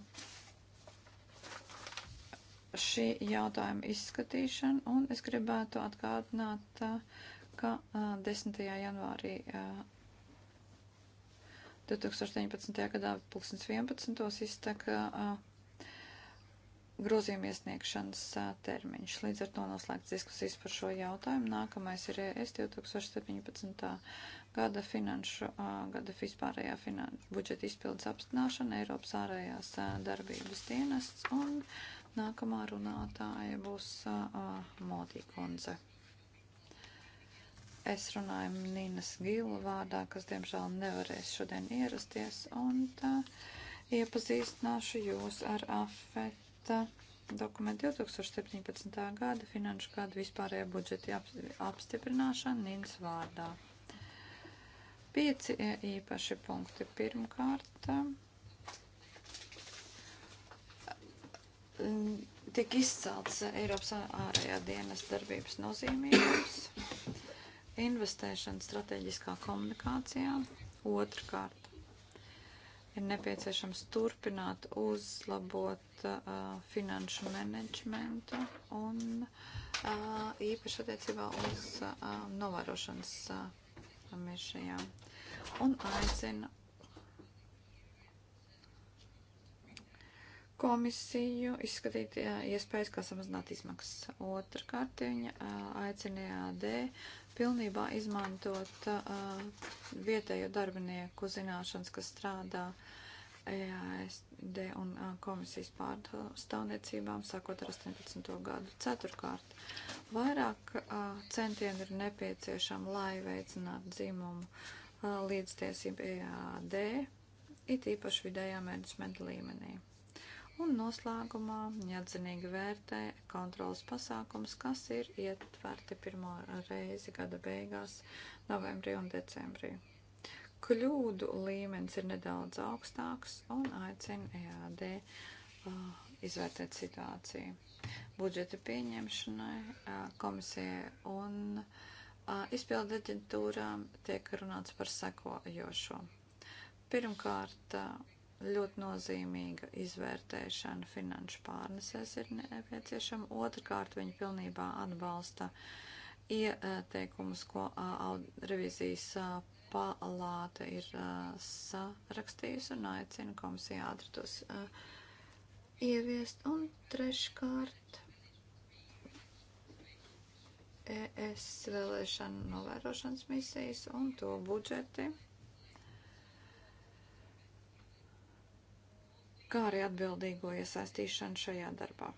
C: šī jautājuma izskatīšanu, un es gribētu atgādināt, ka 10. janvārī 2019. gadā 2011. izteka grozījuma iesniegšanas termiņš. Līdz ar to noslēgts diskusijas par šo jautājumu. Nākamais ir ES 2017. gada finanšu, gada vispārējā finanšu budžeta izpildes apstināšana, Eiropas ārējās darbības dienests un Nākamā runātāja būs uh, Modi Kunze. Es runāju Nīnas Gila vārdā, kas diemžēl nevarēs šodien ierasties, un tā iepazīstināšu jūs ar afeta dokumentu 2017. gada finanšu gada vispārējā budžeta ap, apstiprināšanu Nīnas vārdā. Pieci e, īpaši punkti. Pirmkārt, Um, tik izcelts Eiropas ārējā dienas darbības nozīmības, investēšana strateģiskā komunikācijā, otrkārt ir nepieciešams turpināt uzlabot uh, finanšu menedžmentu un uh, īpaši attiecībā uz uh, novērošanas uh, mežajām. Un aicina komisiju izskatīt iespējas, kā samazināt izmaksas. Otrakārt, viņa aicina e AD pilnībā izmantot vietējo darbinieku zināšanas, kas strādā EASD un komisijas pārstāvniecībām, sākot ar 18. gadu. Ceturkārt, vairāk centienu ir nepieciešama, lai veicinātu dzimumu līdztiesību EAD, it īpaši vidējā menedžmenta līmenī Un noslēgumā neatzinīgi vērtē kontrolas pasākums, kas ir ietverti pirmo reizi gada beigās, novembrī un decembrī. Kļūdu līmenis ir nedaudz augstāks un aicina EAD uh, izvērtēt situāciju. Budžeta pieņemšanai uh, komisijai un uh, izpildu aģentūrām tiek runāts par sekojošo. Pirmkārt, uh, ļoti nozīmīga izvērtēšana finanšu pārnesēs ir nepieciešama. Otrakārt, viņi pilnībā atbalsta ieteikumus, ko revizijas palāta ir sarakstījusi un aicina komisiju ātri tos ieviest. Un treškārt, ES vēlēšana novērošanas misijas un to budžeti kā arī atbildīgo iesaistīšanu šajā darbā.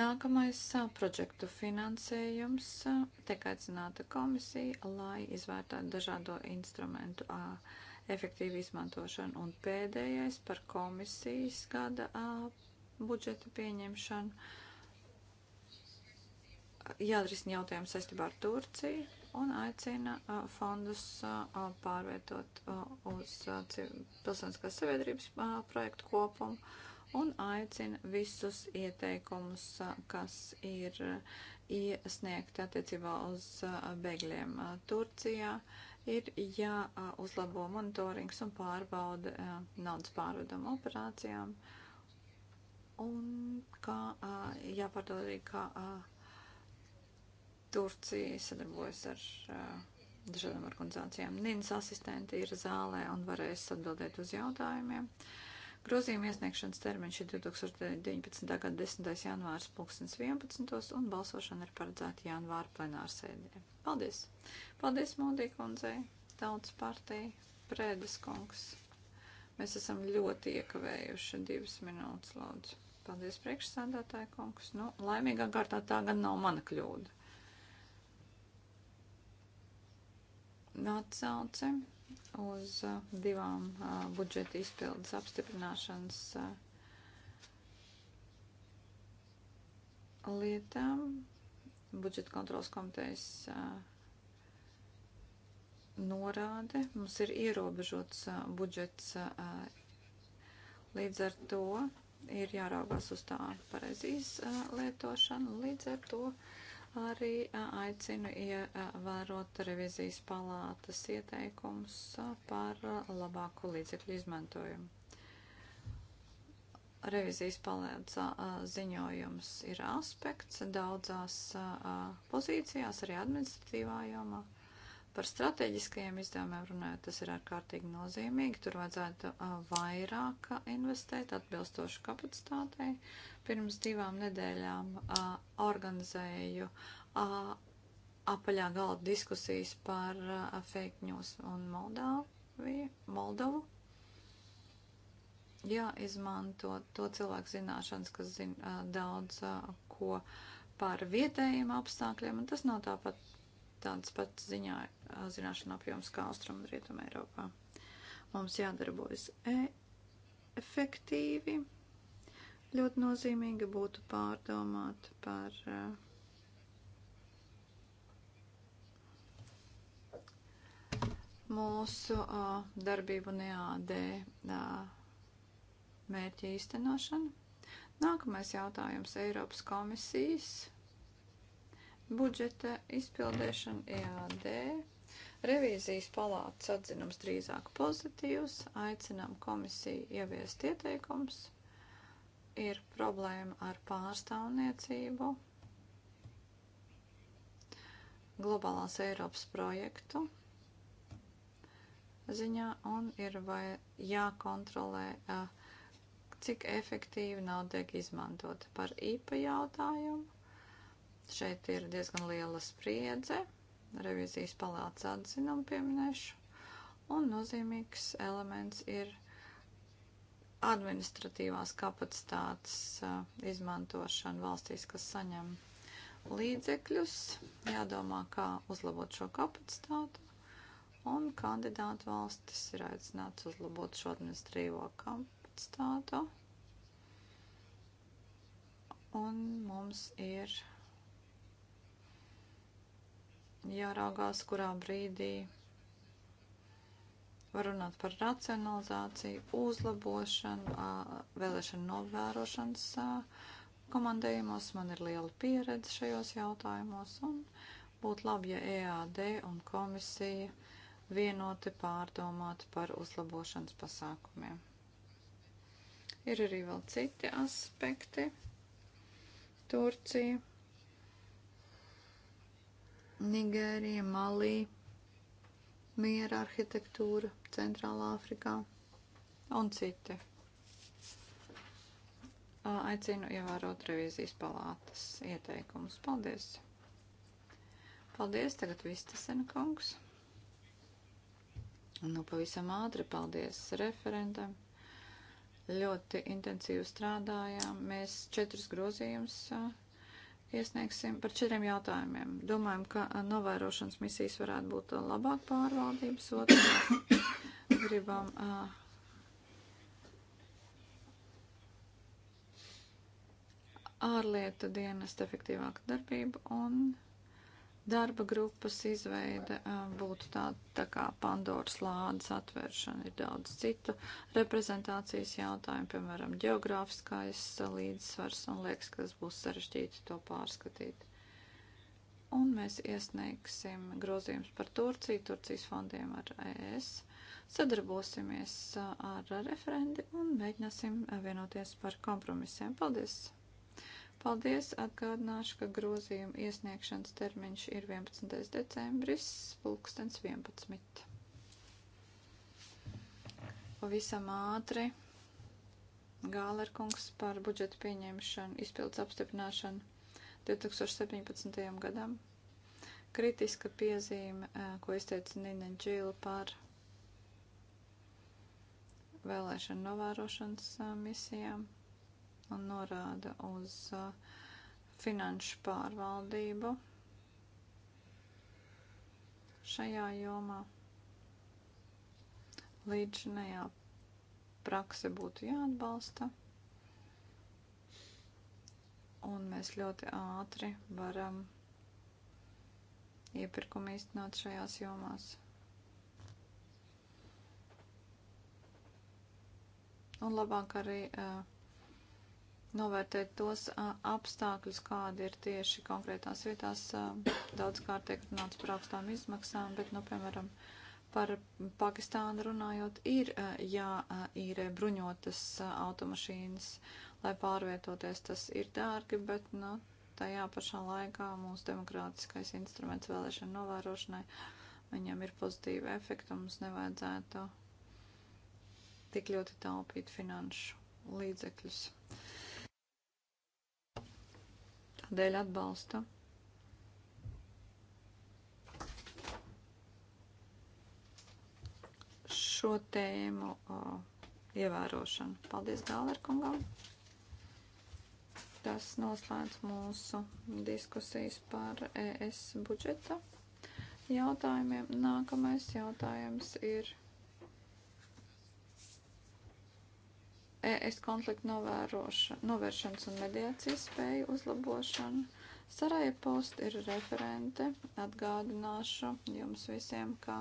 C: Nākamais projektu finansējums tiek aicināta komisija, lai izvērtētu dažādo instrumentu efektīvu izmantošanu. Un pēdējais par komisijas gada budžeta pieņemšanu. Jāatrisina jautājums saistībā ar Turciju un aicina fondus pārvietot uz pilsoniskās sabiedrības projektu kopumu un aicina visus ieteikumus, kas ir iesniegti attiecībā uz bēgļiem Turcijā, ir jāuzlabo ja monitorings un pārbauda naudas pārvedumu operācijām un kā jāpārdod arī, kā Turcija sadarbojas ar uh, dažādām organizācijām. Nīnas asistenti ir zālē un varēs atbildēt uz jautājumiem. Grozījuma iesniegšanas termiņš ir 2019. gada 10. janvārs 2011. un balsošana ir paredzēta janvāra plenārsēdē. Paldies! Paldies, Mūdī kundzei, Tautas partija, Prēdes kungs. Mēs esam ļoti iekavējuši divas minūtes, lūdzu. Paldies, priekšsādātāja kungs. Nu, laimīgā kārtā tā gan nav mana kļūda. atsauce uz uh, divām uh, budžeta izpildes apstiprināšanas uh, lietām. Budžeta kontrolas komitejas norāde. Mums ir ierobežots budžets, līdz ar to ir jāraugās uz tā pareizīs lietošanu. Līdz ar to uh, Arī aicinu ievērot revizijas palātas ieteikums par labāku līdzekļu izmantojumu. Revizijas palāca ziņojums ir aspekts daudzās pozīcijās, arī administratīvā jomā. Par strateģiskajiem izdevumiem runājot, tas ir ārkārtīgi nozīmīgi. Tur vajadzētu vairāk investēt atbilstošu kapacitātei. Pirms divām nedēļām organizēju apaļā galda diskusijas par fake news un Moldāviju, Moldavu jāizmanto to cilvēku zināšanas, kas zina daudz ko par vietējiem apstākļiem, un tas nav tāpat tāds pats ziņā, zināšana apjoms kā Austrum un Rietum Eiropā. Mums jādarbojas e efektīvi. Ļoti nozīmīgi būtu pārdomāt par uh, mūsu uh, darbību NEAD uh, mērķi īstenošanu. Nākamais jautājums Eiropas komisijas budžeta izpildēšana EAD. Revīzijas palātas atzinums drīzāk pozitīvs, aicinām komisiju ieviest ieteikums, ir problēma ar pārstāvniecību, globālās Eiropas projektu ziņā un ir vai jākontrolē, cik efektīvi nauda tiek izmantota par īpa jautājumu Šeit ir diezgan liela spriedze. Revizijas palāca atzinumu pieminēšu. Un nozīmīgs elements ir administratīvās kapacitātes izmantošana valstīs, kas saņem līdzekļus. Jādomā, kā uzlabot šo kapacitāti. Un kandidātu valstis ir aicināts uzlabot šo administrīvo kapacitātu. Un mums ir jāraugās, kurā brīdī var runāt par racionalizāciju, uzlabošanu, vēlēšanu novērošanas komandējumos. Man ir liela pieredze šajos jautājumos un būtu labi, ja EAD un komisija vienoti pārdomātu par uzlabošanas pasākumiem. Ir arī vēl citi aspekti. Turcija. Nigērija, Malī, miera arhitektūra Centrālā Afrikā un citi. Aicinu ievērot revīzijas palātas ieteikumus. Paldies! Paldies, tagad Vistasena kungs. Nu, pavisam ātri paldies referentam ļoti intensīvi strādājām. Mēs četrus grozījumus iesniegsim par četriem jautājumiem. Domājam, ka novērošanas misijas varētu būt labāk pārvaldības. Otrā, gribam uh, ārlietu dienas efektīvāku darbību un darba grupas izveida būtu tāda tā kā Pandoras lādes atvēršana. Ir daudz citu reprezentācijas jautājumu, piemēram, geogrāfiskais līdzsvars, un liekas, ka tas būs sarežģīti to pārskatīt. Un mēs iesniegsim grozījums par Turciju, Turcijas fondiem ar ES. Sadarbosimies ar referendi un mēģināsim vienoties par kompromisiem. Paldies! Paldies! Atgādināšu, ka grozījuma iesniegšanas termiņš ir 11. decembris, pulkstens 11. Pavisam ātri Gālerkungs par budžeta pieņemšanu, izpildes apstiprināšanu 2017. gadam. Kritiska piezīme, eh, ko izteica Nina Džila par vēlēšanu novērošanas eh, misijām un norāda uz uh, finanšu pārvaldību šajā jomā. Līdzinējā prakse būtu jāatbalsta, un mēs ļoti ātri varam iepirkumu īstenot šajās jomās. Un labāk arī uh, novērtēt tos apstākļus, kādi ir tieši konkrētās vietās. Daudzkārt tiek runāts par augstām izmaksām, bet, nu, piemēram, par Pakistānu runājot, ir jāīrē bruņotas automašīnas, lai pārvietoties. Tas ir dārgi, bet, nu, tajā pašā laikā mūsu demokrātiskais instruments vēlēšana novērošanai, viņam ir pozitīva efekta, mums nevajadzētu tik ļoti taupīt finanšu līdzekļus. Uh, Tādēļ atbalsta. Šo tēmu o, ievērošanu. Paldies Gālerkungam. Tas noslēdz mūsu diskusijas par ES budžeta jautājumiem. Nākamais jautājums ir. ES konfliktu novēroša, novēršanas un mediācijas spēju uzlabošanu. Sarāja post ir referente. Atgādināšu jums visiem, ka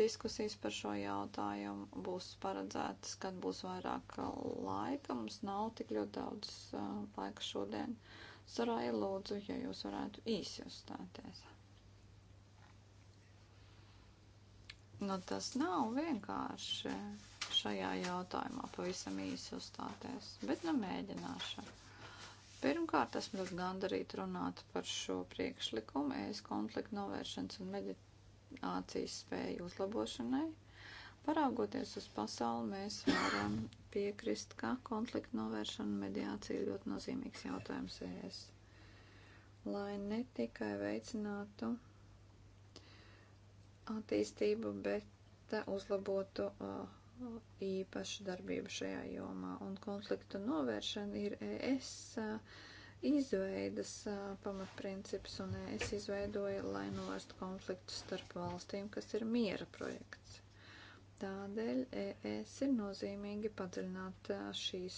C: diskusijas par šo jautājumu būs paredzētas, kad būs vairāk uh, laika. Mums nav tik ļoti daudz uh, laika šodien. Sarāja lūdzu, ja jūs varētu īsi uzstāties. Nu, tas nav vienkārši šajā jautājumā pavisam īsi uzstāties, bet nu mēģināšu. Pirmkārt, esmu ļoti gandarīti runāt par šo priekšlikumu ēst konfliktu novēršanas un mediācijas spēju uzlabošanai. Paraugoties uz pasauli, mēs varam piekrist, ka konfliktu novēršana un mediācija ir ļoti nozīmīgs jautājums ēs. Lai ne tikai veicinātu attīstību, bet uzlabotu uh, īpašu darbību šajā jomā, un konfliktu novēršana ir ES izveidas pamatprincips, un ES izveidoja, lai novērstu konfliktu starp valstīm, kas ir miera projekts. Tādēļ ES ir nozīmīgi padziļināt šīs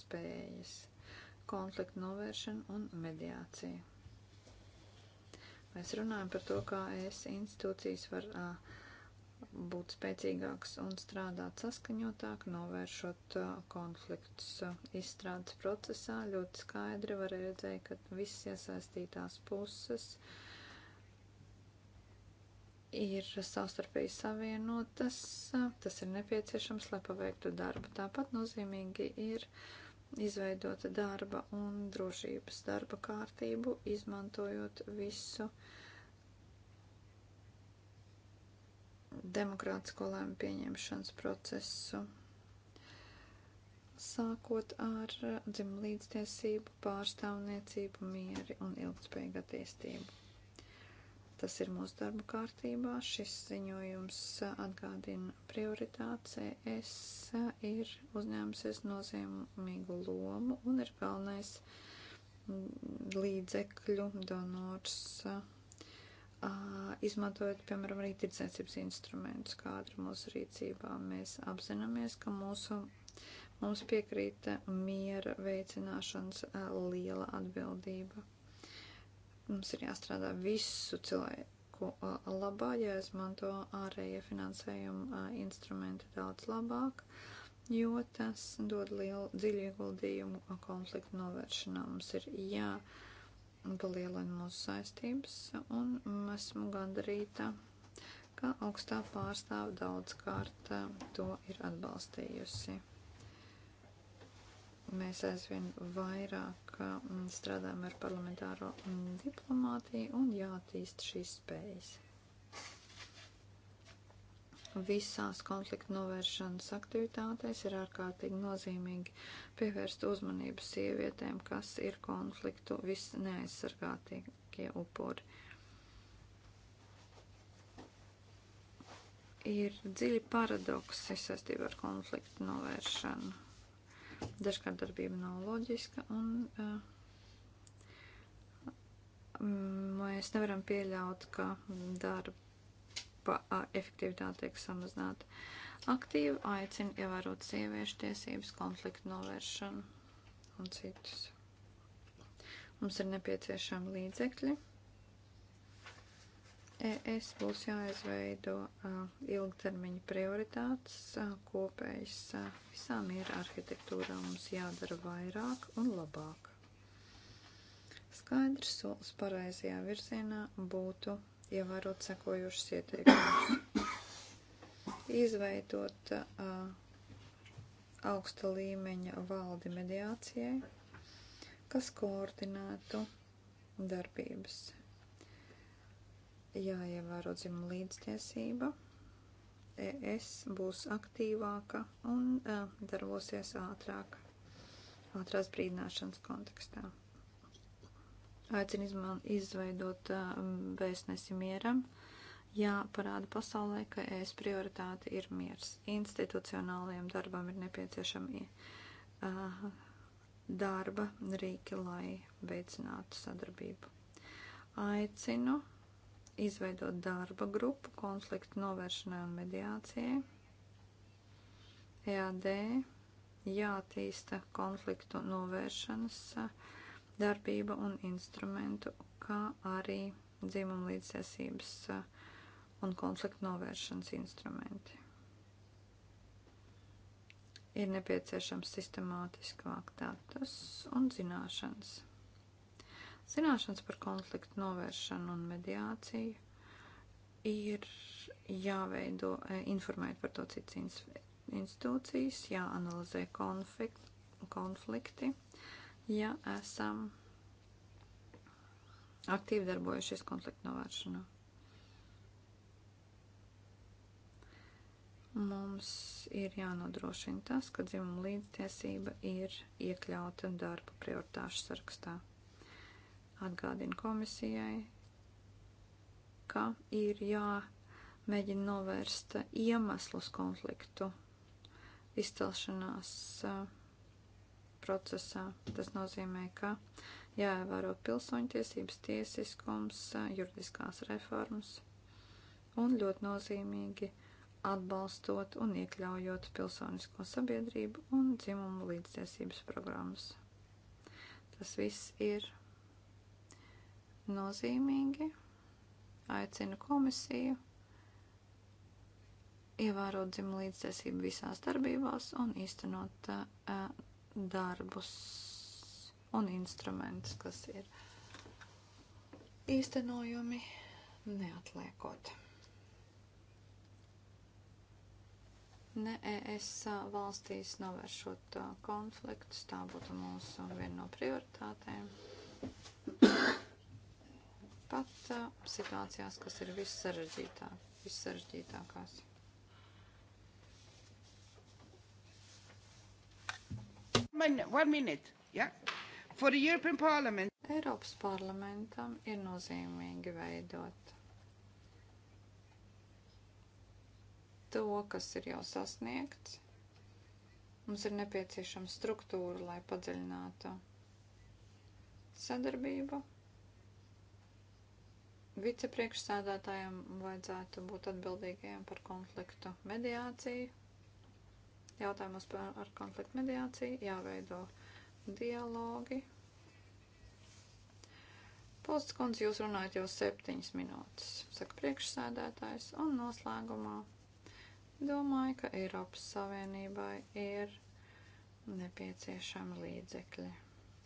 C: spējas - konfliktu novēršanu un mediāciju. Mēs runājam par to, kā ES institūcijas var uh, būt spēcīgāks un strādāt saskaņotāk, novēršot uh, konfliktus. Uh, izstrādes procesā ļoti skaidri var redzēt, ka visas iesaistītās puses ir savstarpēji savienotas. Tas ir nepieciešams, lai paveiktu darbu. Tāpat nozīmīgi ir izveidota darba un drošības darba kārtību, izmantojot visu uh, demokrātisko lēmu pieņemšanas procesu, sākot ar eh, dzimumu līdztiesību, pārstāvniecību, mieri un ilgspējīgu attīstību. Tas ir mūsu darba kārtībā. Šis ziņojums eh, atgādina prioritātes. Es eh, ir uzņēmusies nozīmīgu lomu un ir galvenais mm, līdzekļu donors izmantojot, piemēram, arī tirdzniecības instrumentus, kāda ir mūsu rīcībā. Mēs apzināmies, ka mūsu, mums piekrīta miera veicināšanas liela atbildība. Mums ir jāstrādā visu cilvēku labā, jāizmanto ārējie finansējuma instrumenti daudz labāk, jo tas dod lielu dziļu ieguldījumu konfliktu novēršanā. Mums ir jā. Ja palielina mūsu saistības, un esmu gandarīta, ka augstā pārstāva daudzkārt eh, to ir atbalstījusi. Mēs aizvien vairāk eh, strādājam ar parlamentāro diplomātiju un jātīst šīs spējas visās konflikta novēršanas aktivitātēs ir ārkārtīgi nozīmīgi pievērst uzmanību sievietēm, kas ir konfliktu visneaizsargātīgie upuri. Ir dziļi paradoksi saistībā ar konfliktu novēršanu. Dažkārt darbība nav loģiska un uh, mēs nevaram pieļaut, ka darba darba efektivitāte tiek samazināta. Aktīvi aicina ievērot sieviešu tiesības, konfliktu novēršanu un citus. Mums ir nepieciešami līdzekļi. ES būs jāizveido ilgtermiņa prioritātes, kopējas visām ir arhitektūrā mums jādara vairāk un labāk. Skaidrs solis pareizajā virzienā būtu ievērot sekojušas ieteikumus. Izveidot uh, augsta līmeņa valdi mediācijai, kas koordinētu darbības. Jāievēro dzimuma līdztiesība. ES būs aktīvāka un uh, darbosies ātrāk, ātrās brīdināšanas kontekstā aicina izveidot vēstnesi mieram, jāparāda pasaulē, ka es prioritāte ir miers. Institucionālajiem darbam ir nepieciešami uh, darba rīki, lai veicinātu sadarbību. Aicinu izveidot darba grupu konfliktu novēršanai un mediācijai. EAD jātīsta konfliktu novēršanas uh, darbība un instrumentu, kā arī dzimuma līdztiesības eh, un konfliktu novēršanas instrumenti. Ir nepieciešams sistemātiski vākt datus un zināšanas. Zināšanas par konfliktu novēršanu un mediāciju ir jāveido, eh, informēt par to citas institūcijas, jāanalizē konflikti, konflikti ja esam aktīvi darbojušies konfliktu novēršanā. Mums ir jānodrošina tas, ka dzimuma līdztiesība ir iekļauta darba prioritāšu sarakstā. Atgādina komisijai, ka ir jāmēģina novērst iemeslus konfliktu izcelšanās uh, procesā. Tas nozīmē, ka jāievēro pilsoņtiesības, tiesiskums, juridiskās reformas un ļoti nozīmīgi atbalstot un iekļaujot pilsonisko sabiedrību un dzimumu līdztiesības programmas. Tas viss ir nozīmīgi. Aicinu komisiju ievērot dzimumu līdztiesību visās darbībās un īstenot uh, darbus un instrumentus, kas ir īstenojumi neatliekot. Ne ES valstīs novēršot uh, konfliktus, tā būtu mūsu viena no prioritātēm. Pat uh, situācijās, kas ir vissarežģītākās. Vissarežģītākās. Min, one minute, yeah? For the European Parliament. Eiropas parlamentam ir nozīmīgi veidot to, kas ir jau sasniegts. Mums ir nepieciešama struktūra, lai padziļinātu sadarbību. Vicepriekšsēdētājiem vajadzētu būt atbildīgajiem par konfliktu mediāciju jautājumos par konfliktu mediāciju, jāveido dialogi. Pulsts kundze, jūs runājat jau septiņas minūtes, saka priekšsēdētājs, un noslēgumā domāju, ka Eiropas Savienībai ir nepieciešami līdzekļi.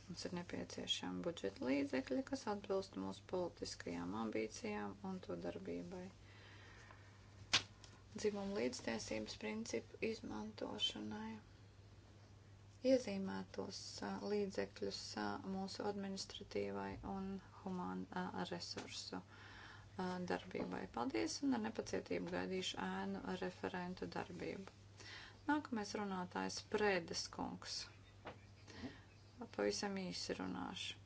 C: Mums ir nepieciešami budžeta līdzekļi, kas atbilst mūsu politiskajām ambīcijām un to darbībai dzimumu līdztiesības principu izmantošanai. Iezīmētos līdzekļus mūsu administratīvai un humānu resursu darbībai. Paldies un ar nepacietību gaidīšu ēnu referentu darbību. Nākamais runātājs Prēdes kungs. Pavisam īsi runāšu.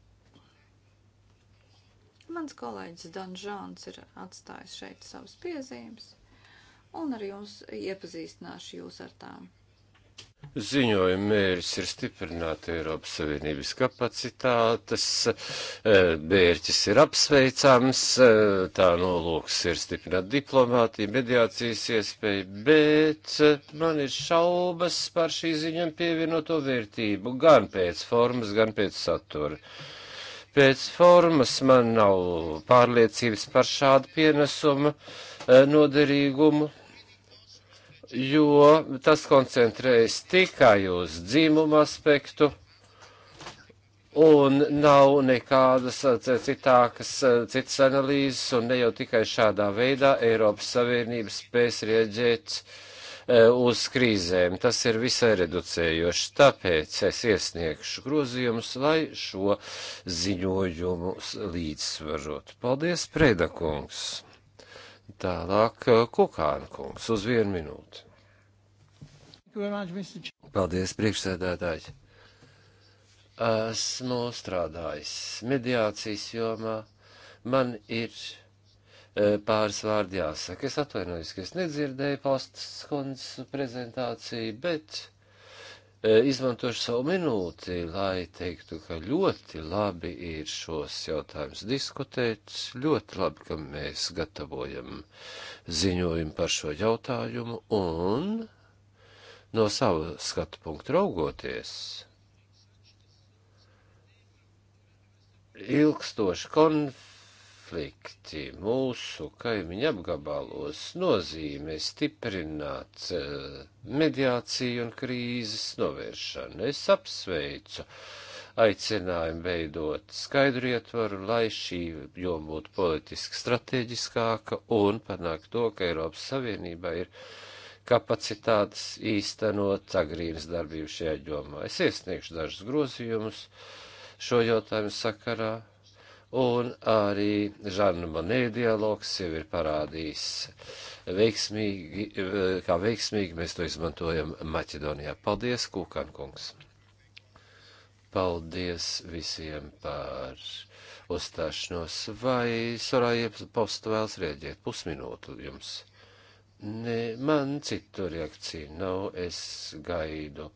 C: Mans kolēģis Danžāns ir atstājis šeit savas piezīmes un arī jums iepazīstināšu jūs ar tām.
A: Ziņojuma mērķis ir stiprināt Eiropas Savienības kapacitātes, e, mērķis ir apsveicams, e, tā nolūks ir stiprināt diplomātiju, mediācijas iespēju, bet man ir šaubas par šī ziņojuma pievienoto vērtību, gan pēc formas, gan pēc satura. Pēc formas man nav pārliecības par šādu pienesumu, e, noderīgumu jo tas koncentrējas tikai uz dzimumu aspektu un nav nekādas eh, citākas, eh, citas analīzes, un ne jau tikai šādā veidā Eiropas Savienība spēs rieģēt eh, uz krīzēm. Tas ir visai reducējoši, tāpēc es iesniegšu grozījumus, lai šo ziņojumu līdzsvarot. Paldies, Preda kungs! Tālāk eh, Kukāna kungs uz vienu minūti. Paldies, priekšsēdētāji. Esmu strādājis mediācijas jomā. Man ir eh, pāris vārdi jāsaka. Es atvainojos, ka es nedzirdēju pastas kundzes prezentāciju, bet E, izmantošu savu minūti, lai teiktu, ka ļoti labi ir šos jautājumus diskutēt, ļoti labi, ka mēs gatavojam ziņojumu par šo jautājumu un no sava skatu punktu raugoties. Ilgstoši konf konflikti mūsu kaimiņu apgabalos nozīmē stiprināt eh, mediāciju un krīzes novēršanu. Es apsveicu aicinājumu veidot skaidru ietvaru, lai šī joma būtu politiski strateģiskāka un panākt to, ka Eiropas Savienībā ir kapacitātes īstenot agrīnas darbību šajā jomā. Es iesniegšu dažus grozījumus šo jautājumu sakarā, un arī Žana Monē dialogs jau ir parādījis veiksmīgi, kā veiksmīgi mēs to izmantojam Maķedonijā. Paldies, Kūkan kungs! Paldies visiem par uzstāšanos. Vai Sorāja postu vēlas rēģēt? Pusminūtu jums. Nē, man citu reakciju nav, es gaidu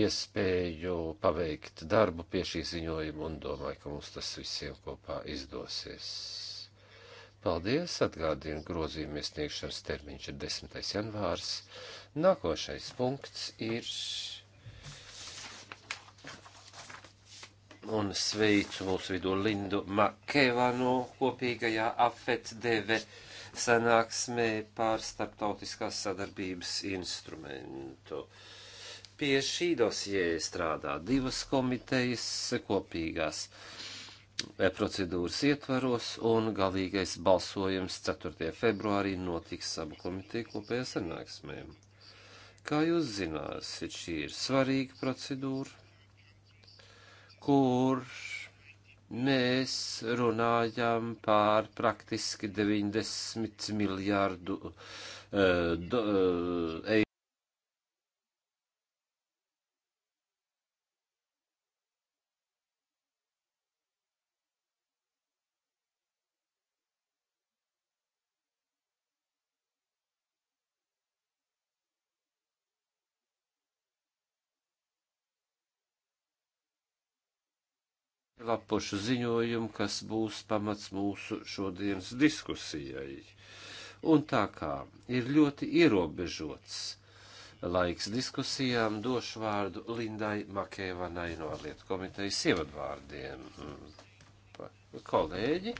A: iespēju paveikt darbu pie šī ziņojuma un domāju, ka mums tas visiem kopā izdosies. Paldies, atgādina grozījuma iesniegšanas termiņš ir 10. janvārs. Nākošais punkts ir. Un sveicu mūsu vidū Lindu Makevanu kopīgajā afetdeve sanāksmē pār starptautiskās sadarbības instrumentu. Uh, Pie šī dosieja strādā divas komitejas kopīgās eh, procedūras ietvaros, un galīgais balsojums 4. februārī notiks abu komiteju kopējā sanāksmēm. Kā jūs zināsiet, šī ir svarīga procedūra, kur mēs runājam pār praktiski 90 miljārdu uh, do, uh, eh, eiro. lapušu ziņojumu, kas būs pamats mūsu šodienas diskusijai. Un tā kā ir ļoti ierobežots laiks diskusijām, došu vārdu Lindai Makēvanai no Lietu komitejas ievadvārdiem. Kolēģi!